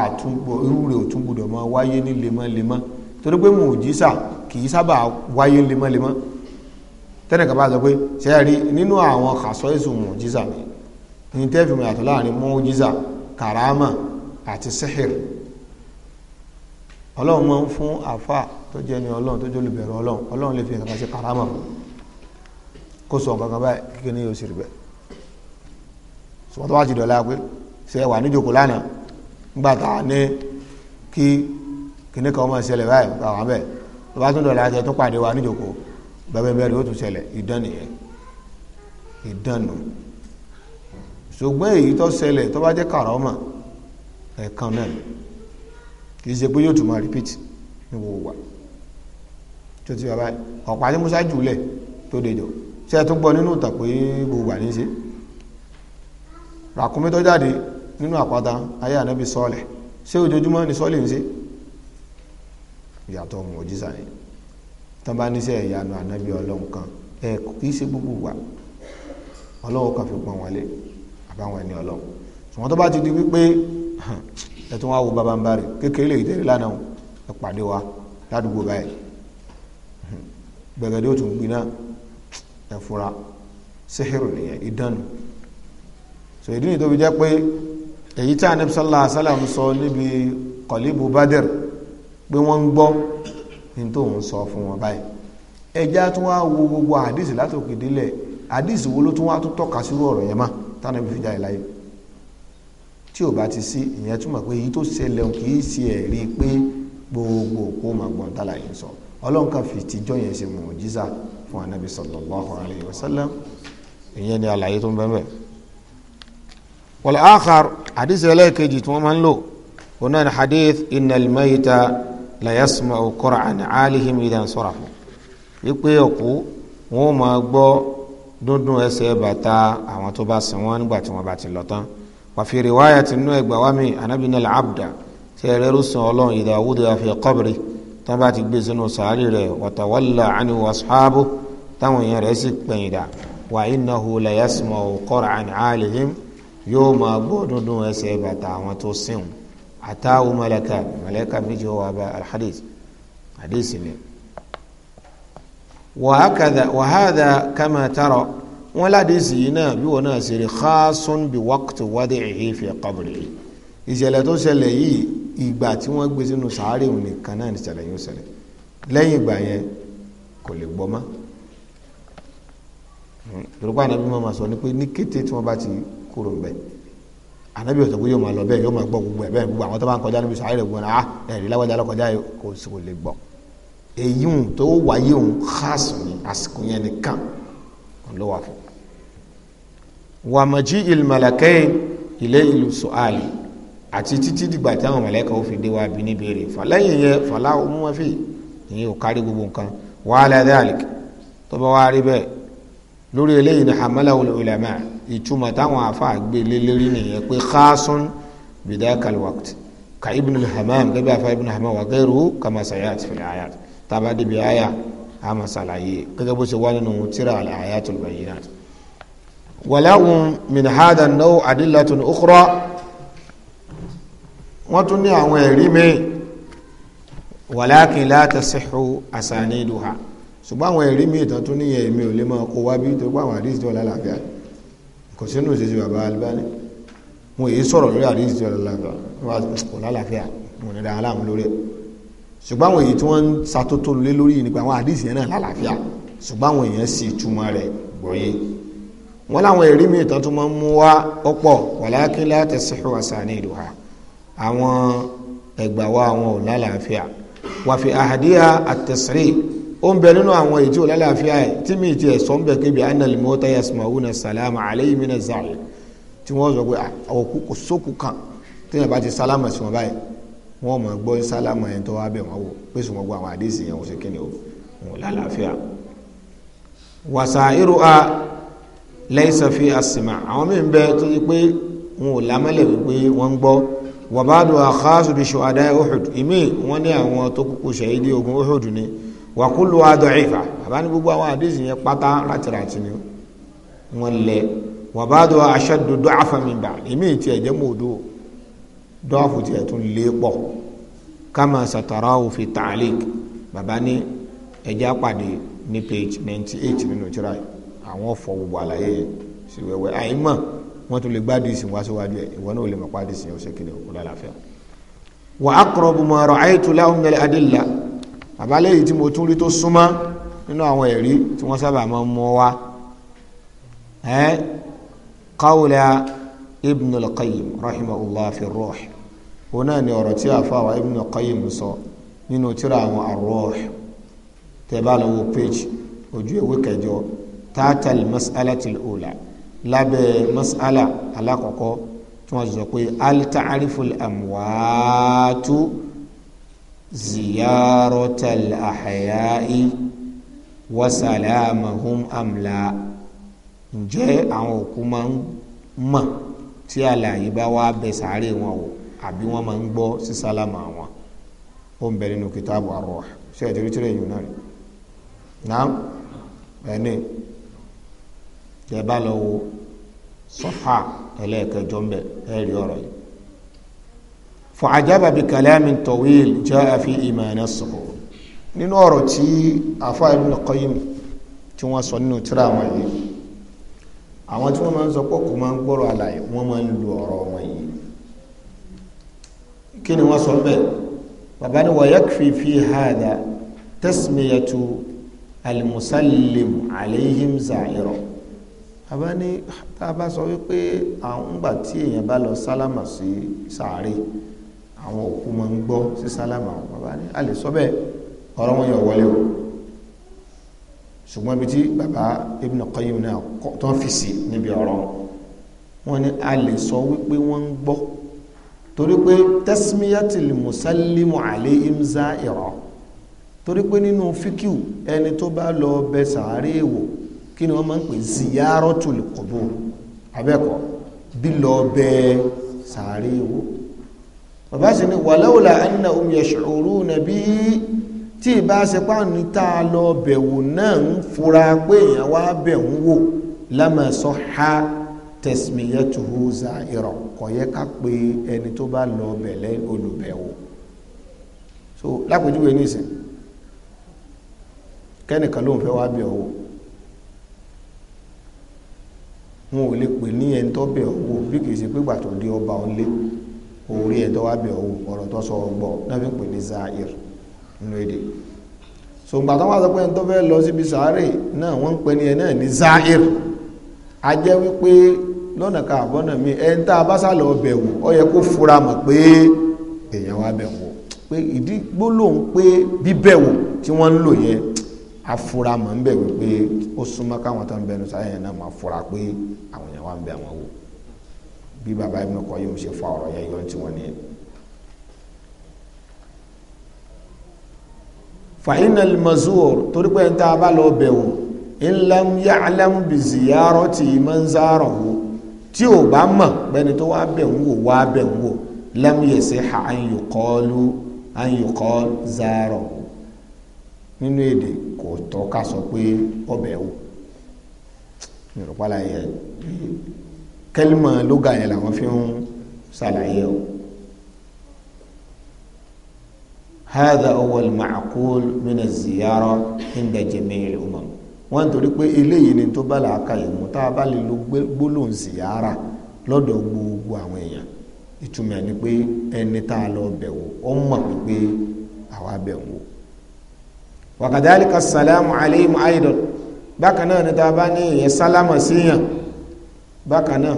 àtúngbọ̀ irú rẹ̀ ò tún gbọdọ̀ máa wáyé ní lemọ́lemọ́ torí pé mú jísà kì í sábà wáyé lemọ́lemọ́ tẹ́nìkan bá sọ pé ṣe rí nínú àwọn kàṣọ́ ìsùn mú jísà ni ní tẹ́fìmù yàtọ̀ láàrin mọ́jíza karama àti sihir ọlọ́run máa ń fún àfà tó jẹ́ ní ọlọ́run tó jólù bẹ̀rẹ̀ ọlọ́run ọlọ́run lè fi nǹkan sí karama kó sọ nǹkan kan báyìí kíkẹ́ ní yóò sì rí bẹ́ẹ̀ ṣùgbọ́n tó wá ti dọ̀la pé ṣe wà níjòkó lánàá nígbà tá a ní kí kíní kan máa ṣẹlẹ̀ báyìí báwa bẹ́ẹ̀ tó bá tún dọ̀la jẹ́ tó pàdé wa níjòkó bẹ́ẹ̀ bẹ́ẹ̀ rẹ̀ ó tún ṣẹlẹ̀ ìdán nìyẹn ṣùgbọ́n èyí tó ṣẹlẹ̀ tó bá jẹ́ kàrọ́mà ẹ̀kan náà kì í ṣe pé yóò tún máa wa tó ti bàbá ọ̀pá ní musa jùlẹ̀ tó dejò ṣe tó gbọ́ nínú ìtàn pé gbogbo àní ṣe ràkúnmí tó jáde nínú àpáta ayé ànábì sọ́ọ̀lẹ̀ ṣé ojoojúmọ́ ni sọ́ọ̀lẹ̀ ń ṣe ìyàtọ̀ ọmọ òjísà ni tó bá ìyanu kì wa àbáwọn ẹni ọlọ́run ṣùgbọ́n tó bá ti di wípé ẹ tún wá wo bàbá ń bá rè kékeré lè tẹ̀lé lánàá ẹ pàdé wa ládùúgbò báyìí gbẹ̀gẹ̀dẹ̀ ó tún gbiná ẹ fura síhìrù nìyẹn ìdánù so ìdí nìyí tó fi jẹ́ pé èyí tí anabi sallallahu alaihi wasallam sọ níbi kọ̀líbù bádẹ́rì pé wọ́n ń gbọ́ ní tó ń sọ fún wọn báyìí ẹja tún wo gbogbo àdìsí látòkè délẹ̀ àdìsí wo ló tún wá tún tọ́ka sírú ọ̀rọ̀ yẹn máa tánàbí fi jáde láyé tí ò bá ti sí ìyẹn túmọ̀ pé èyí tó ṣẹlẹ̀ òun kì í ṣe ẹ̀rí pé gbogbo òkú máa gbọ́n tá láyé sọ ọlọ́run kan fi tìjọ́ yẹn ṣe mùjísà fún anábì sallallahu alayhi wa sallam ìyẹn ni àlàyé tó ń bẹ́ẹ̀ bẹ́ẹ̀ wal akhar hadith ẹlẹ́ẹ̀kejì tí wọ́n máa ń lò òun náà ni hadith innal mayta la yasma'u qur'an alihim idan sarafu dúndún ẹsẹ̀ bàtà àwọn tó bá sìn wọ́n nígbà tí wọ́n bá ti lọ tán wàfi riwaya ti nú ẹgbà wá mi anabi nílẹ̀ abda tí ẹ̀rẹ́ rúṣin ọlọ́run ìdá awúdó àfi kọ́bìrì tó bá ti gbé sínú sàárì rẹ̀ wàtàwọ́lá àni wàsáàbù táwọn èèyàn rẹ̀ sì pẹ̀yìn dà wà iná hula yasma kọ́ra àni àlìhìm yóò máa gbọ́ dúndún ẹsẹ̀ bàtà àwọn tó sìn àtàwọn mẹlẹka mẹlẹka méjì wà bá alhadis hadis ni. وهكذا وهذا كما ترى wọn ládìsí yìí náà bí wọn náà ṣeré xaasun bí wákàtí wádìí ìhìn fi qabri ìṣẹ̀lẹ̀ tó ṣẹlẹ̀ yìí ìgbà tí wọ́n gbé sínú sàárè òun nìkan náà nìṣẹ̀lẹ̀ yóò ṣẹlẹ̀ lẹ́yìn ìgbà yẹn kò lè gbọ́ mọ́ yorùbá anabi máa sọ ni pé ní kété tí wọ́n bá ti kúrò ń anabi ọ̀sẹ̀ pé yóò máa lọ bẹ́ẹ̀ yóò máa gbọ́ gbogbo ẹ̀ bẹ́ẹ̀ gbogbo àwọn tó bá ń kọjá níbi sàárè rẹ̀ gbọ́n ah ẹ̀rí lágbájá lọ́kọjá kò sì kò lè gbọ́ èyí ń tó wáyé òun xaas ní àsìkò yẹn nìkan ló wà fún wàmọ̀jí ìlmàlàkẹ́ ilé ìlú sọ́àlì àti títí dìgbà táwọn mọ̀lẹ́kà ó fi dé wá bí níbèrè fàlẹ́yìn yẹ fàlà ọmọfẹ́ ìyẹn ò kárí gbogbo nǹkan wàhálà dáàlìk tó bá wá rí bẹ́ẹ̀ lórí eléyìí ní hamala ulama ìtumọ̀ táwọn afa gbé lélẹ́rí nìyẹn pé xaasun bidakal ka ibn hamam gẹ́gẹ́ afa ibn hamam wa gairu kama sayat ayat tába débi àyà a máa ṣàlàyé gẹ́gẹ́ bó ṣe wá nínú tíra al-ayatul bayyinat wàláhùn min hada náà adillatun ukhra wọ́n tún ní àwọn ẹ̀rí mi wàlákin la tasihhu asaniduha ṣùgbọ́n àwọn ẹ̀rí mi ìtàn tún níyẹn èmi ò lè máa kó wá bí tó pé àwọn àdìsí tó lálàáfíà kò sínú ìṣesí bàbá Albani wọn èyí sọ̀rọ̀ lórí àdìsí tó lálàáfíà wọn kò lálàáfíà wọn ní dáhà láàmú lórí ẹ̀ ṣùgbọ́n àwọn èyí tí wọ́n ń ṣàtótó lé lórí nípa àwọn àdìsí yẹn náà lálàáfíà ṣùgbọ́n àwọn èèyàn sì túmọ̀ rẹ̀ gbọ́yé wọ́n láwọn ẹ̀rí mi ìtàn tó máa ń mú wá ọ̀pọ̀ wàlákín láti sèhùn àṣàní ìdùhà àwọn ẹgbà wa àwọn ò lálàáfíà wàfi àhàdíyà àtẹ̀sírí ó ń bẹ nínú àwọn èyí tí ò lálàáfíà ẹ̀ tí mi ti ẹ̀sọ́ ń bẹ kébi anali mọ́tà wọ́n mọ̀ gbọ́ sálámà yẹn tó wá bẹ̀ wọ́n wò pé sùn gbogbo àwọn àdéhìsì yẹn wọ́n ṣe kí ni o wọn lálàáfíà wàsà irú a lẹ́yìnsà fi àsìmà àwọn míì ń bẹ tó ti pé wọn ò lámẹ́lẹ̀ wípé wọ́n ń gbọ́ wàbáàdù àkásù bí ṣùhàdá Uhud ìmí wọ́n ní àwọn tó kúkú ṣàhídì ogun Uhud ni wàkúlù adọ̀ìfà bàbá ní gbogbo àwọn àdéhìsì yẹn pátá rátìrátì ni wọ́n lẹ̀ wàbáàdù àṣàdùdọ̀ àfàmìbà ìmí ìtì ẹ̀jẹ̀ mọ́ dọ́ọ̀fù tiẹ̀ tún lé pọ̀ kama satara òfin taalik baba ní ẹja pàdé ní page ninety eight nínú tíra àwọn fọ gbogbo àlàyé yẹn sí wẹ́wẹ́ àìmọ̀ wọ́n tún lè gbádùn ìsìn wá síwájú ẹ̀ ìwọ náà lè mọ̀ pàdé ìsìn ọ̀sẹ̀ kìnìún kó lálàáfíà. wà á kọ̀rọ̀ bùmọ̀ ọ̀rọ̀ àìtú láwọn mẹ́lẹ̀ adìlá àbálẹ̀ yìí tí mo tún rí tó súnmọ́ nínú àwọn ẹ̀rí tí sábà máa ń wa. ẹ́ qawla ibn qayyim rahimahullah fi òun náà ni ọ̀rọ̀ tí àfàwà Ibn Qayyim sọ nínú tíra àwọn Ar-Ruh tẹ́ bá lọ wo page ojú ewé kẹjọ tatal mas'alatil ula lábẹ́ mas'ala alákọ̀ọ́kọ́ tí wọ́n sọ pé al ta'riful amwatu ziyaratal amla ǹjẹ́ àwọn òkú máa ń mọ̀ tí àlàyé bá wá bẹ̀ o àbí wọ́n máa ń gbọ́ sí sálámà wọn ó ń bẹ nínú kìtàbù àrọ̀ ṣe ẹ̀jẹ̀ rí tìrẹ̀ yìí náà rí naam ẹni tẹ bá lọ wo sọfà ẹlẹ́ẹ̀kẹjọ ń bẹ ẹ rí ọ̀rọ̀ yìí fún ajaba bi kalami tawil jẹ́ àfi ìmọ̀ọ́nà sọ̀rọ̀ nínú ọ̀rọ̀ tí afa Ibn Qayyim tí wọ́n sọ nínú tírà wọn yìí àwọn tí wọ́n máa ń sọ pé kò máa ń gbọ́rọ̀ àlàyé wọ́n máa ń lu ọ̀rọ̀ wọn yìí kí ni wọ́n sọ bẹ́ẹ̀ bàbá ni wọ́n yakfi fi hàdà tasmiyatu alimusalim aleihim zairo bàbá ni tá a bá sọ wípé àwọn gbà tí èèyàn bá lọ sálámà sí sàárè àwọn òkú máa ń gbọ́ sí sálámà bàbá ni a lè sọ bẹ́ẹ̀ wọn yóò wọlé o ṣùgbọ́n ibi tí bàbá Ibn Qayyim náà tó fi sí níbi ọ̀rọ̀ wọn ni a lè wípé wọ́n ń gbọ́ torí pé tẹ́símíyàtìlì mùsálímù àlẹ́ imza ìrọ̀ torí pé nínú fíkìú ẹni tó bá lọ bẹ sàárè wò kí ni wọ́n máa ń pè ziyaratul qubur abẹ́kọ̀ bí lọ bẹ sàárè wò bàbá sì ni wàláwùlà ẹnna omi ẹ̀ṣọ̀rú nàbí tí ìbá ṣe páàní tá a lọ bẹ̀wò náà ń fura pé èèyàn wá bẹ̀ ń wò lámà ha tasmiyatuhu za'ira kò yẹ ká pé ẹni tó bá lọ bẹ̀lẹ́ olùbẹ̀wò so lápèjúwe nísìn kẹ́nìkan ló ń fẹ́ wá bẹ̀ ọ́ wọn ò lè pè ní ẹni tó bẹ̀ ọ́ bí kìí ṣe pé tó dé ọba ọ̀lé orí ẹ̀dọ́ wá bẹ̀ owó ọ̀rọ̀ tó sọ ọgbọ̀ náà fi pè ní zaire nínú èdè so gbà tó wá sọ pé ẹni tó fẹ́ lọ síbi sàárè náà wọ́n ń pè ní ẹ náà ní zaire a jẹ́ wípé lọ́nà kan àbọ́nà mi ẹni tá a bá sá lọ bẹ̀wò ó yẹ kó fura mọ̀ pé èèyàn wá bẹ̀wò pé ìdí gbólóhùn pé bíbẹ̀wò tí wọ́n ń lò yẹn afura mọ̀ ń bẹ̀ wípé ó súnmọ́ káwọn tó ń bẹnu sáyẹn náà máa fura pé àwọn èèyàn wá ń bẹ àwọn wò bí baba Ibn Qayyim ṣe fa ọ̀rọ̀ yẹn yọ tí wọ́n ní. fàyínà mazur torí pé ń tá a bá lọ bẹ̀wò in lam ya'lam bi ziyarati man zarahu tí ò bá mọ̀ pẹ́ni tó wá bẹ̀ ń wò wá bẹ̀ ń wò lámúyẹsẹ̀ àyùkọ́lù àyùkọ́l zaarọ̀ nínú èdè kò tọ́ ká sọ pé ọbẹ̀ wò yorùbá yẹ kẹlímà lóga yẹn làwọn fi ń ṣàlàyé o. هذا هو المعقول من الزيارة عند جميع الأمم wọ́n ń torí pé eléyìí ni tó bá làákàyè mú tá a bá lè lo gbólóhùn ziyara lọ́dọ̀ gbogbo àwọn èèyàn ìtumọ̀ ni pé ẹni tá a lọ bẹ̀wò ó mọ̀ pé àwa bẹ̀wò wakadhalika salamu alayhim aidan bákan náà ni tá a bá ní ìyẹn sálámà síyàn bákan náà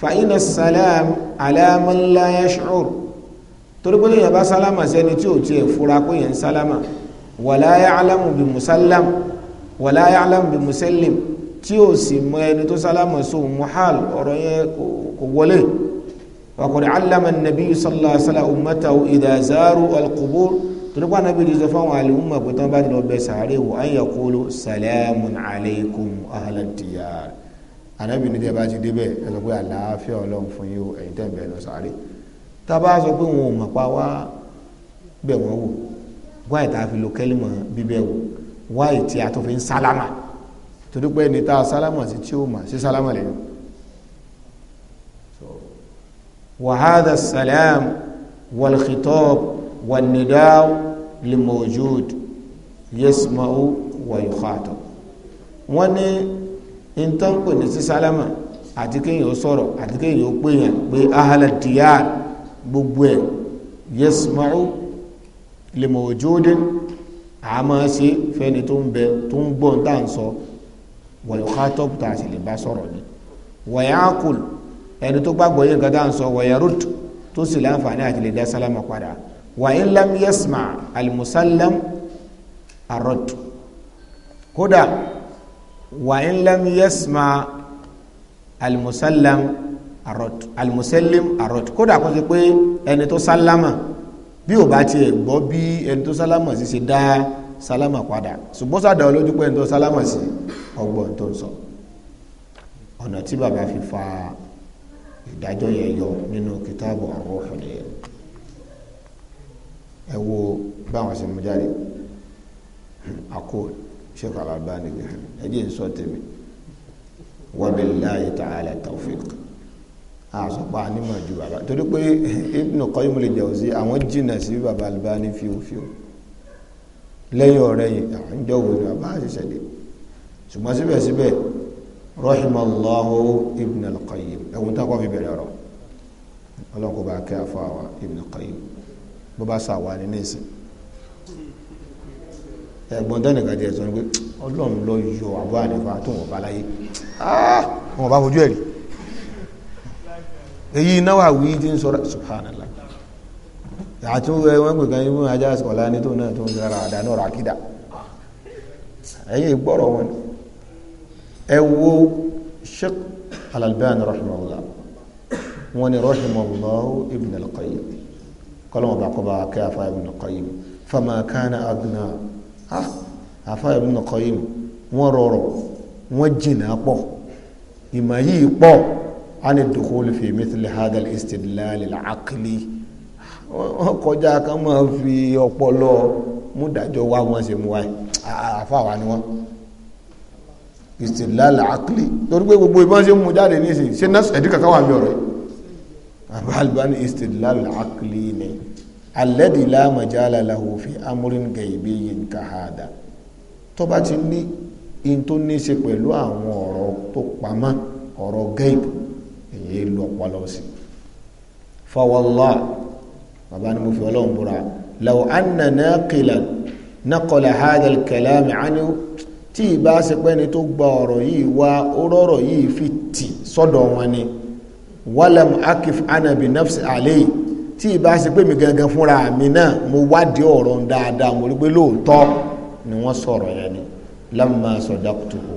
fàyínà sàlám aláàmúláyà ṣòro torí pé lèyìn bá sálámà sí ẹni tí ò tiẹ̀ fura pé yẹn sálámà wala ya'lamu bi musallam wala ya'lamu bi musallim tí ó sì mọ ẹni tó sálámà sóhun muhal ọ̀rọ̀ yẹn kò wọlé وقد علم النبي صلى الله عليه وسلم أمته إذا زاروا القبور تلقى النبي لزفان على الأمة بطن بعد لبس عليه وأن يقولوا سلام عليكم أهل الديار أنا بني دي باتي دي بي أقول الله في علوم فيو أي تنبه لسعري تبازو بمو مقاوا بمو wáyé tá a fi lo kẹ́límọ̀ bíbẹ̀ wò wáyé tí a tó fi ń sálámà torí pé ẹni tá a sálámà sí tí ó mà sí sálámà lẹ́nu. wàhádà sàlám wàlxitọ́b wànídàá lèmọ̀júd yẹ́sùmáwó wàyùkàtọ̀. wọ́n ní ìtọ́npẹ̀ ní sí sálámà àti kéèyàn sọ̀rọ̀ àti kéèyàn péyàn pé ahala diyar gbogbo ẹ̀ yẹ́sùmáwó lè mọ̀ òjòdè àmọ́ sí fẹ́ni tó ń bẹ tó ń gbọ́n tá à ń sọ wọ̀yọ̀ká tọ́pù tá a sì lè bá sọ̀rọ̀ ni wọ̀yáàkùl ẹni tó gbàgbọ́ yé nǹkan tá à ń sọ wọ̀yárùt tó sì láǹfààní àti lè dá sálámà padà wàhílám yẹ́sìmà alimusálám àrọ́t kódà wàhílám yẹ́sìmà alimusálám àrọ́t alimusálám àrọ́t kódà kó ti pé ẹni tó sálámà bí ò bá tiẹ̀ gbọ́ bí ẹni tó sálámà sí ṣe dá sálámà padà ṣùgbọ́n sàdá olójú pé ẹni tó sálámà sí ọgbọ́n tó ń sọ ọ̀nà tí bàbá fi fa ìdájọ́ yẹn yọ nínú kìtàbù àwọn òfìlẹ̀ yẹn ẹ wo báwọn ṣe mú jáde àkó Sheikh al nìyẹn ẹ jẹ́ ń sọ tèmi wa billahi ta'ala tawfiq àsọpá nímọ̀ ju bàbá torí pé Ibn Qayyim al-Jawzi àwọn jìnnà sí bàbá Albani fíofíò lẹ́yìn ọ̀rẹ́ yìí àwọn ìjọwò ni bàbá àṣìṣẹ́ dé ṣùgbọ́n síbẹ̀síbẹ̀ rahimallahu Ibn al-Qayyim ẹ̀wọ̀n tó kọ́ fi bẹ̀rẹ̀ ọ̀rọ̀ ọlọ́run kò bá kẹ́ àfọ àwa Ibn al-Qayyim bó bá sàwà ní nísìn ẹ̀gbọ́n dánìkàjẹ́ sọ pé ọlọ́run lọ yọ àbọ̀ àdìfà tó wọn bá láyé wọn bá fojú ẹ̀rí èyí Nawawi tí ń sọ̀rọ̀ subhanallah àti wọn pè kan ibùn ajá ọ̀la ní tó náà tó ń sọ̀rọ̀ àdánù ọ̀rọ̀ àkídà ẹ̀yìn ìgbọ́rọ̀ wọn ẹ wo Sheikh Al-Albani rahimahullah wọn ni rahimahullahu Ibn al-Qayyim kọ́lọ́mọ̀ bá kọ́ bá kẹ́ afa Ibn al fama kana agna ah, afa Ibn al wọn rọrọ wọn jìnnà pọ̀ ìmọ̀ yìí pọ̀ ani dukuli fi mithili hadal istidlali akili wọn kọjá ká máa fi ọpọlọ múdàjọ wá wọn ṣe mú wáyé àfa wa ni wọn istidlali akili torí pé gbogbo ìbọn ṣe mú jáde nísìnyí ṣe nọ́ọ̀sì ẹ̀dí kankan wà ní ọ̀rọ̀ yìí abalibani istidlali akili ni alẹ́dì lámàjálà làwòfin amúrin gẹ̀ẹ́bí yìí ń kàhádà tó bá ti ní in tó ní ṣe pẹ̀lú àwọn ọ̀rọ̀ tó pamọ́ ọ̀rọ̀ gẹ́ẹ̀bù èyí lu ọpọlọ sí fa wallahi bàbá ni mo fi Ọlọ́run búra law anna naqilan naqala hadha al-kalam anhu tí ìbá ṣe pé ni tó gba ọ̀rọ̀ yìí wá ó rọ̀rọ̀ yìí fi tì sọ́dọ̀ wọn ni walam akif ana bi nafsi alayhi tí ìbá ṣe pé mi gangan fúnra mi náà mo wádìí ọ̀rọ̀ dáadáa mo rí pé lóòótọ́ ni wọ́n sọ̀rọ̀ yẹn ni lamma sadaqtuhu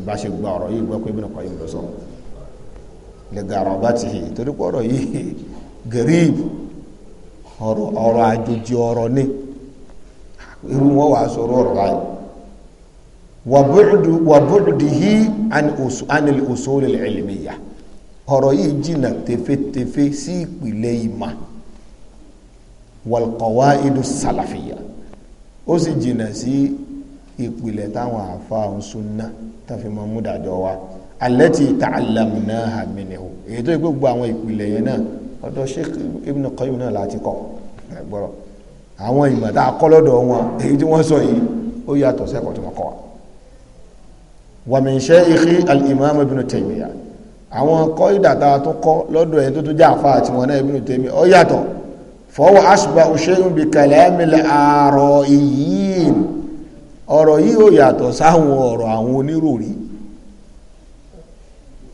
ìbá ṣe gba ọ̀rọ̀ yìí gbọ́ pé Ibn Qayyim ló sọ̀rọ̀ lẹ́gàrọ̀ bá ti hì torí pé ọ̀rọ̀ yìí gẹ̀rìb ọ̀rọ̀ ọ̀rọ̀ àjòjì ọ̀rọ̀ ni irú wọn wàá sọ̀rọ̀ ọ̀rọ̀ báyìí wàbúrúdìhí anil òṣòlè ẹ̀lẹ́mìyà ọ̀rọ̀ yìí jìnnà tefetefe sí ìpìlẹ̀ ìmà wàlùkọ̀wá idú sàlàfíà ó sì jìnnà sí ìpìlẹ̀ táwọn àfa òun sunna tàfi máa mú dájọ́ wa allati ta'allamnaha minhu èyí tó yẹ gbogbo àwọn ìpìlẹ̀ yẹn náà ọ̀dọ̀ Sheikh Ibn Qayyim náà láti kọ́ ẹ̀gbọ́rọ̀ àwọn ìmọ̀ tá a kọ́ lọ́dọ̀ wọn èyí tí wọ́n sọ yìí ó yàtọ̀ sẹ́kọ̀ tó wọ́n kọ́ wa. wa min shaykhi al-imam Ibn Taymiyyah àwọn kọ́ ìdàtà tó kọ́ lọ́dọ̀ ẹ̀ tó tún jẹ́ àfa àti wọn náà Ibn Taymiyyah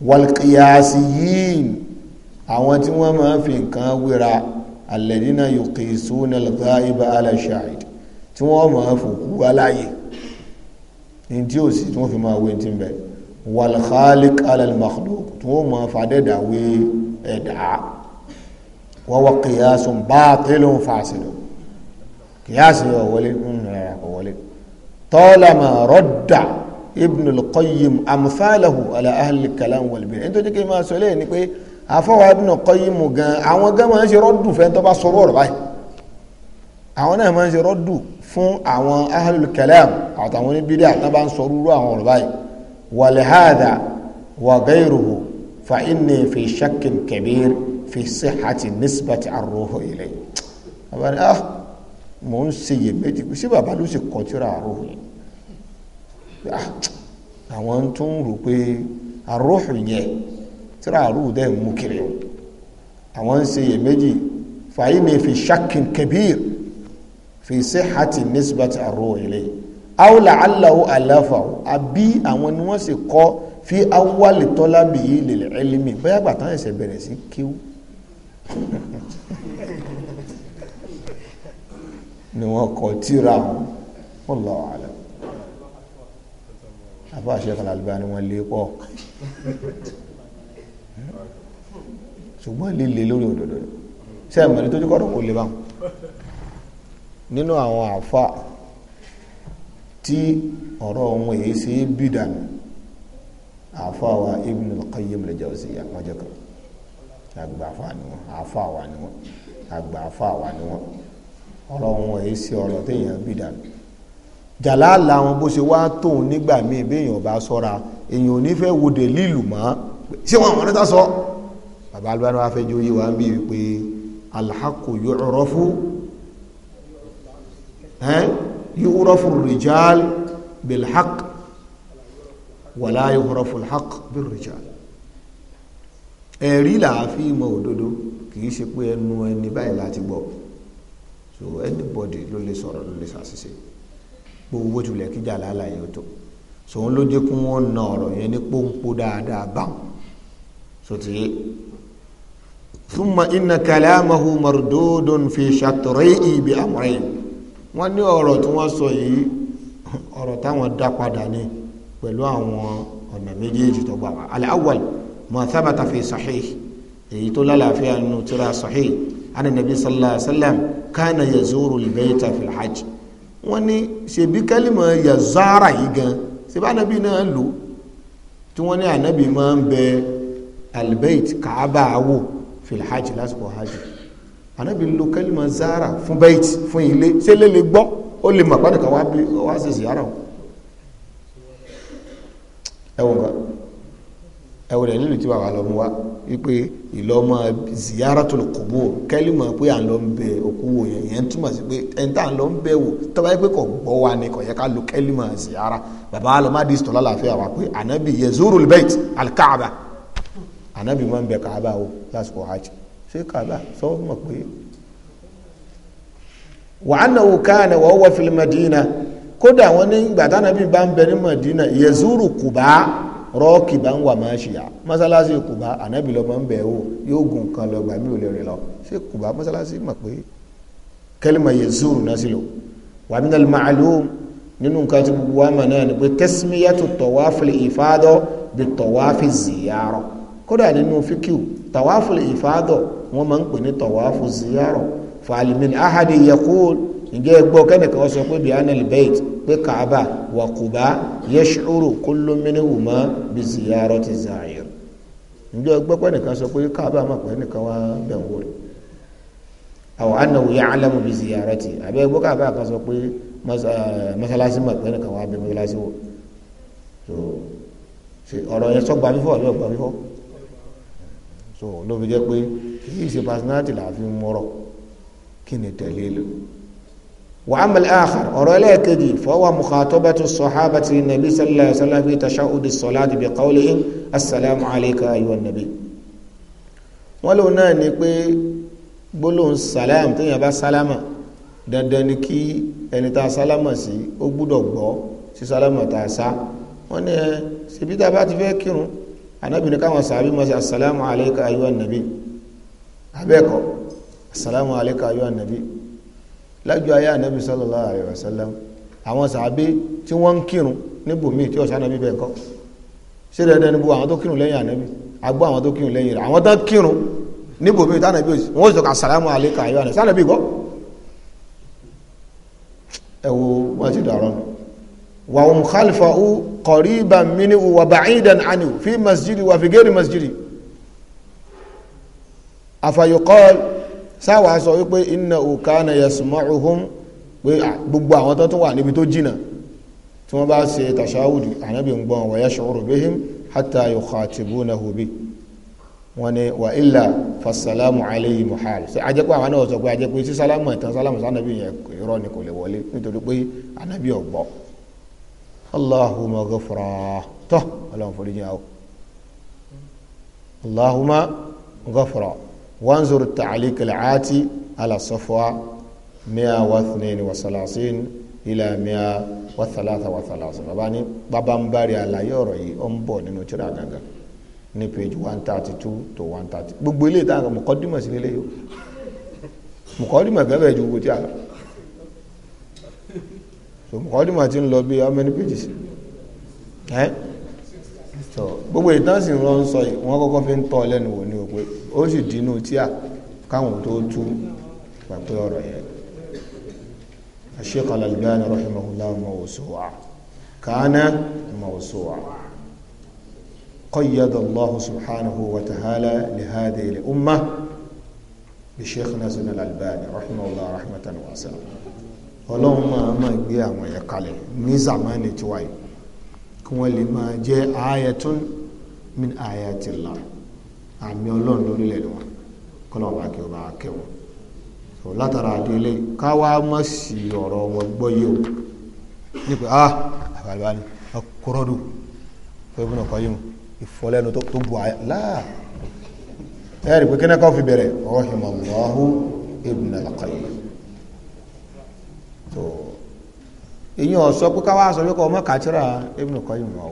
walqiyasiyin àwọn tí wọ́n máa fi nǹkan wéra alladina yuqisuna al-ghaiba ala shahid tí wọ́n máa fòkú aláyè ní tí ò sí tí wọ́n fi máa wé tí ń bẹ̀ walkhaliq ala al tí wọ́n máa fàdẹ́dà wé ẹ̀dá wọ́n wọ́n qiyasun batilun fasidun kìyàsí ọ̀wọ́lé ń hmm, rẹ̀ ọ̀wọ́lé tọ́lá rọ́dà ibn al-qayyim amfalahu ala ahli kalam wal-bir ẹni tó ní kí n máa sọ lẹ́yìn ni pé àfọwọ́ ibn al-qayyim gan àwọn gan máa ń ṣe rọ́dù fẹ́ tó bá sọ̀rọ̀ ọ̀rọ̀ báyìí àwọn náà máa ń ṣe rọ́dù fún àwọn ahli kalam àtàwọn oníbídà náà bá ń sọ rúrú àwọn ọ̀rọ̀ báyìí wàlẹ́hàdà wàgẹ́rùhù fa inni fi shakkin kabir fi sihati nisbati arruhu ilayhi àbárí ah mò ń ṣe iyèméjì sí ló ṣe kọtíra àrùn yìí Ah, àwọn tó ń rò pé àròhùn yẹn tíra àrùn dẹ́ mú kiri o àwọn ń ṣe iyèméjì fàyí ni fi ṣakin kabir fi sihhati nisbati àrùn ilé aw la'allahu àlàfà àbí àwọn ni wọ́n sì kọ́ fi awwali tọ́lábì yìí lil ilmi bóyá gbàtà ẹ̀sẹ̀ bẹ̀rẹ̀ sí kíw ni wọ́n kọ́ tíra wọn wallahu a'lam àfa Sheikh Al-Albani wọn lé pọ̀ ṣùgbọ́n líle lórí òdòdó ṣe àmọ́ nítorí kọ́dọ̀ kò lè báwọn nínú àwọn àfa tí ọ̀rọ̀ ohun èyí ṣe é bí dànù àfa wa Ibn al-Qayyim al-Jawziyya wọn jẹ́ kan àgbà àfa ni wọn àfa wa ni wọn àgbà àfa wa ni wọn ọ̀rọ̀ ohun èyí ṣe ọ̀rọ̀ téèyàn bí dànù jàláàlà wọn bó ṣe wá tóun nígbà míì béèyàn bá sọ́ra èèyàn ò ní fẹ́ wo dèlílù mọ́ ṣé wọn àwọn ọ̀nẹ́ta sọ bàbá alùpàdé wa fẹ́ jó yé wa ń bí wípé alhaku yu'rafu yu'rafu rijal bilhaq wàlá yu'rafu alhaq bilrijal ẹ̀rí làá mọ òdodo kìí ṣe pé ẹnu ẹni báyìí láti gbọ́ so anybody ló lè sọ̀rọ̀ ló lè ṣàṣìṣe gbogbo tilẹ̀ kíjà lálàyé o tó sòun ló jẹ́ kí wọ́n na ọ̀rọ̀ yẹn ní pọ́npọ́ dáadáa báwọn sòtì yé thumma inna kalamahu mardudun fi shatrayhi bi amrayn wọ́n ní ọ̀rọ̀ tí wọ́n sọ yìí ọ̀rọ̀ táwọn dá padà ní pẹ̀lú àwọn ọ̀nà méjèèjì tó gbà wá al-awwal ma thabata fi sahih èyí tó lálàáfíà nínú tírà sahih anna nabi sallallahu alayhi wa sallam kana yazuru al hajj wọ́n ní ṣèbí kẹ́lìmọ̀ yazara yìí gan ṣèbá anabi náà lò tí wọ́n ní anabi máa ń bẹ albeit kaaba wò filhajj lásìkò hajj anabi lo kẹ́lìmọ̀ zara fún beit fún ilé ṣé lè lè gbọ́ ó lè mọ̀ pàdé kan wá sí ziyara o ẹ̀wọ̀n kan ẹwọ rẹ nílùú tí bàbá lọ mú wa wípé ìlọmọ ziyaratul qubur kẹlímọ pé à ń lọ bẹ òkú wò yẹn yẹn túmọ̀ sí pé ẹni tá à ń lọ bẹ wò tọ́ba yẹ pé kò gbọ́ wa ni kò yẹ ká lo kẹlímọ ziyara bàbá lọ má di sọ̀tọ̀ lálàáfíà wa pé ànábì yazurul bait alikaaba ànábì máa ń bẹ kaaba o lásìkò hajj ṣé kaaba sọ ma pé. wa annahu kana wa huwa fil madina kódà wọn ní gbàtà ànábì bá rọ́ọ̀kì bá ń wà máa ṣìyà mọ́sálásí kùbá ànábì lọ́mọ ń bẹ̀ wò yóò gùn kan lọ gbàmí ò lè rìn lọ ṣé kùbá mọ́sálásí mọ̀ pé kẹ́lìmọ̀ yẹ zúrù náà sí lò wà mí nàlùmọ́ àlùm nínú nǹkan tí gbogbo wa mọ̀ náà ni pé tẹ́símíyàtò tọ̀wáfìlì ìfádọ́ bí tọ̀wáfì zìyàrọ̀ kódà nínú fíkìw tọ̀wáfìlì ìfádọ́ wọ́n máa ń pè ní tọ̀wáfù zìyàrọ̀ fàlìmìn ahadi yakul ǹjẹ́ gbọ́ kẹ́nìkan sọ pé bait pé kaaba wà kùbá yashuru kullu ma bi ziyarati za'ir ǹjẹ́ gbọ́ kẹ́nìkan sọ pé kaaba ma pé nìkan wá bẹ̀ wò rẹ̀ aw bi ziyarati àbẹ́ gbọ́ kaaba kan sọ pé masalasi mà nìkan wá masalasi wò so ọ̀rọ̀ yẹn sọ gbàmífọ̀ ló fi jẹ́ pé kì í ṣe làá fi mọ̀rọ̀ kí ni وأما الآخر أرأي كدي فهو مخاطبة الصحابة للنبي صلى الله عليه وسلم في تشهد الصلاة بقولهم السلام عليك أيها النبي ولو ناني بي gbólóhùn salam téèyàn bá sálámà dandan ni kí ẹni tá a sálámà sí ó gbúdọ̀ gbọ́ sí sálámà tá a sá wọ́n ní ẹ ṣèbí tá a bá ti fẹ́ kírun anábì ní káwọn sàábí mọ̀ sí asalamu alayka ayyuhan nabi abẹ́ẹ̀kọ́ asalamu alayka ayyuhan nabi lájọ́ ayé ànábì sallallahu alaihi wasallam àwọn sàábé tí wọ́n ń kírun níbòmíì tí ọ̀sán ànábì bẹ́ẹ̀ kọ́ ṣé dandan níbo àwọn tó kírun lẹ́yìn ànábì agbó àwọn tó kírun lẹ́yìn rẹ̀ àwọn tó kírun níbòmíì tánàbí òsì wọ́n sọ assalamu alayka ayọ́ ànábì sánàbí kọ́ ẹ wo wọ́n ti dọ̀rọ̀ wà ó mùkálífà ó qariban minhu wà ba'idan anhu fi masjidi wà fi ghairi masjidi àfàyọ̀kọ́ sáwàá sọ wípé inna kana yasma'uhum pé gbogbo àwọn tó tún wà níbi tó jìnà tí wọ́n bá ṣe tàṣáwùdù ànábì ń gbọ́n wa yash'uru bihim hatta yukhatibunahu bi wọ́n ní wà ilà fasalamu alayhi muhal ṣe ajẹ́pẹ́ àwọn náà sọ pé ajẹ́pẹ́ sí sálámù ẹ̀tàn sálámù sánàbí yẹn irọ́ ni kò lè wọlé nítorí pé ànábì ọ̀gbọ́ allahumma ghafara tọ́ wanzur التعليق al على ala safwa إلى wa thnain wa salasin على mia wa thalatha ترى thalasin baba ni baba ń bari àlàyé ọ̀rọ̀ yìí ó ń bọ̀ to one thirty gbogbo eléyìí tá a kọ mọ̀kọ́dúnmọ̀ sí lélẹ́yìí so mọ̀kọ́dúnmọ̀ ti ń lọ bí how many pages ẹ́ so gbogbo ìtàn sì ń lọ sọ yìí wọ́n kọ́kọ́ fi ń tọ́ ọ lẹ́nu wò ní o ó sì dínú tíà káwọn tó tú pàpẹ ọ̀rọ̀ yẹn Sheikh Al-Albani rahimahullah mawsu'a kana mawsu'a qayyada Allah subhanahu wa ta'ala li hadhihi al-ummah bi Sheikhina Al-Albani rahimahullah rahmatan wasi'a ọlọ́run máa máa gbé àwọn ẹ̀yà kalẹ̀ ní zamani tiwa kí wọ́n lè máa jẹ́ ayatun min ayatillah àmì ọlọ́run lórí ilẹ̀ wọn kọ́lọ́wọ́n bá kí wọ́n bá kẹ́ wọn so látara àdélé káwá mọ̀ sí ọ̀rọ̀ wọn gbọ́ yìí o nípa ah àbàlùbá ni ọkọ̀rọ̀dù fún ibùdó kan yìí ìfọlẹ́nu tó bu àyà láà ẹ̀rì pé kíní kan fi bẹ̀rẹ̀ rahimallahu ibn al-qayyim so èyí ọ̀ sọ pé káwá sọ pé kọ́ ọmọ kàtírà ibùdó kan yìí mọ́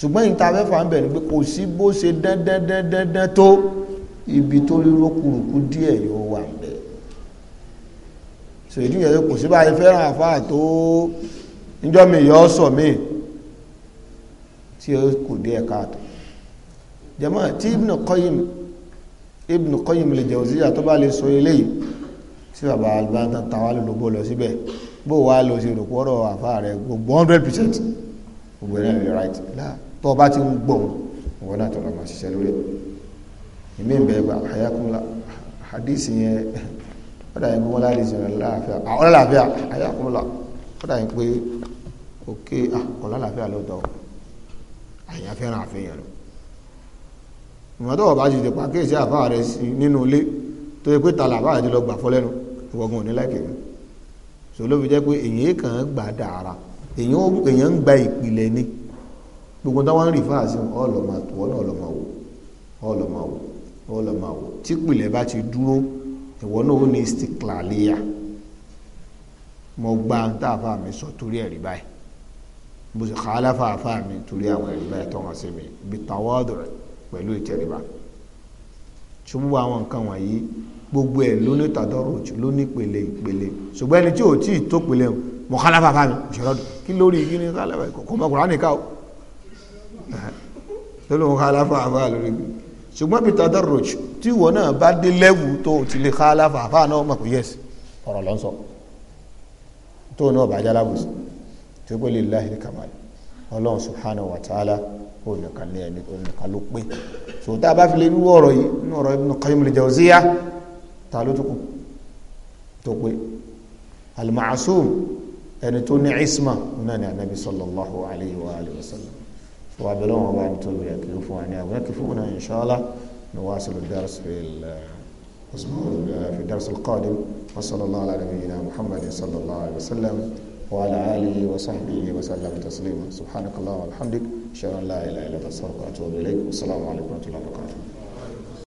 ṣùgbọ́n ìta afẹ́fà ń bẹ̀ ni pé kò sí bó ṣe dandandandandan tó ibi tó ríro kùrùkù díẹ̀ yóò wà bẹ́ẹ̀ ṣèjú yẹn kò sí báyìí fẹ́ràn àfáà tó níjọ́ mi yọ sọ mí tí ó kù díẹ̀ káàtó jẹ́mọ́ tí Ibn Qayyim Ibn Qayyim al-Jawziyya tó bá lè sọ eléyìí sí bàbá Albani tàwa lólobó lọ síbẹ̀ bó wàá lọ sí rògbòrò àfáà rẹ gbogbo 100 percent gbogbo ẹ̀rẹ́ rẹ̀ right láà tó o bá ti ń gbọ̀n ìwọ náà tọrọ máa ṣiṣẹ́ lórí ẹ̀ ìmí ń bẹ ẹgbà àyàkúnlá àdìsí yẹn ọ̀dà yẹn bí wọ́n láti ṣe ọ̀làláàfíà ọ̀làláàfíà àyàkúnlá ọ̀dà yẹn pé òkè ọ̀làláàfíà lọ́tọ̀ àyàfẹ́ràn àfihàn lọ ìwọ̀n tó o bá ti ti pàkíyèsí àfáà rẹ nínú ilé tó yẹ pé tàlà àbáyé ti lọ gbà fọ́lẹ́nu ìwọ̀gùn ò ní gbogbo tó wọ́n ń rí fáà sí ọlọ́mà wọ́n náà lọ́mà wò ọlọ́mà wò ọlọ́mà wò tí pìlẹ̀ bá ti dúró ìwọ náà ó ní stiklaliya mo gba táàfà mi sọ torí ẹ̀rí báyìí bó ṣe kàálà fàáfà mi torí àwọn ẹ̀rí báyìí tọ́wọ́n sí mi bí tàwọ́dù pẹ̀lú ìtẹríba ṣùgbọ́n àwọn nǹkan wọ̀nyí gbogbo ẹ̀ ló ní tàdọ́rọ̀ òjò ló ní ìpele ṣùgbọ́n ẹni tí ò tí ì tó ìpele mọ̀ kàálà fàáfà mi ìṣòro kí lórí kí ni kàálà fàáfà kò mọ̀ kùránì ká lọ́lọ́ wọn hálàfà àfà lórí mi ṣùgbọ́n peter darroch tí ìwọ náà bá dé lẹ́wù tó ti lè hálàfà àfà náà mọ̀ pé yẹ́sì ọ̀rọ̀ lọ́sọ̀ tó náà bá jálá bùsù tí ó pé lè láhìrì kàmáàlì ọlọ́run subhanahu wa ta'ala ó nìkan ní ẹni ó nìkan ló pé so tá a bá fi lè rú ọ̀rọ̀ yìí nínú ọ̀rọ̀ Ibn Qayyim al-Jawziyya ta ló tó tó pé al ẹni tó ní isma náà ni anabi sallallahu alayhi wa sallam وعبلون وبعد توبة يكفون ويكفون يعني، إن شاء الله نواصل الدرس في في الدرس القادم وصلى الله على نبينا محمد صلى الله عليه وسلم وعلى آله وصحبه وسلم تسليما سبحانك اللهم وبحمدك أشهد أن لا إله إلا أنت أستغفرك وأتوب إليك والسلام عليكم ورحمة الله وبركاته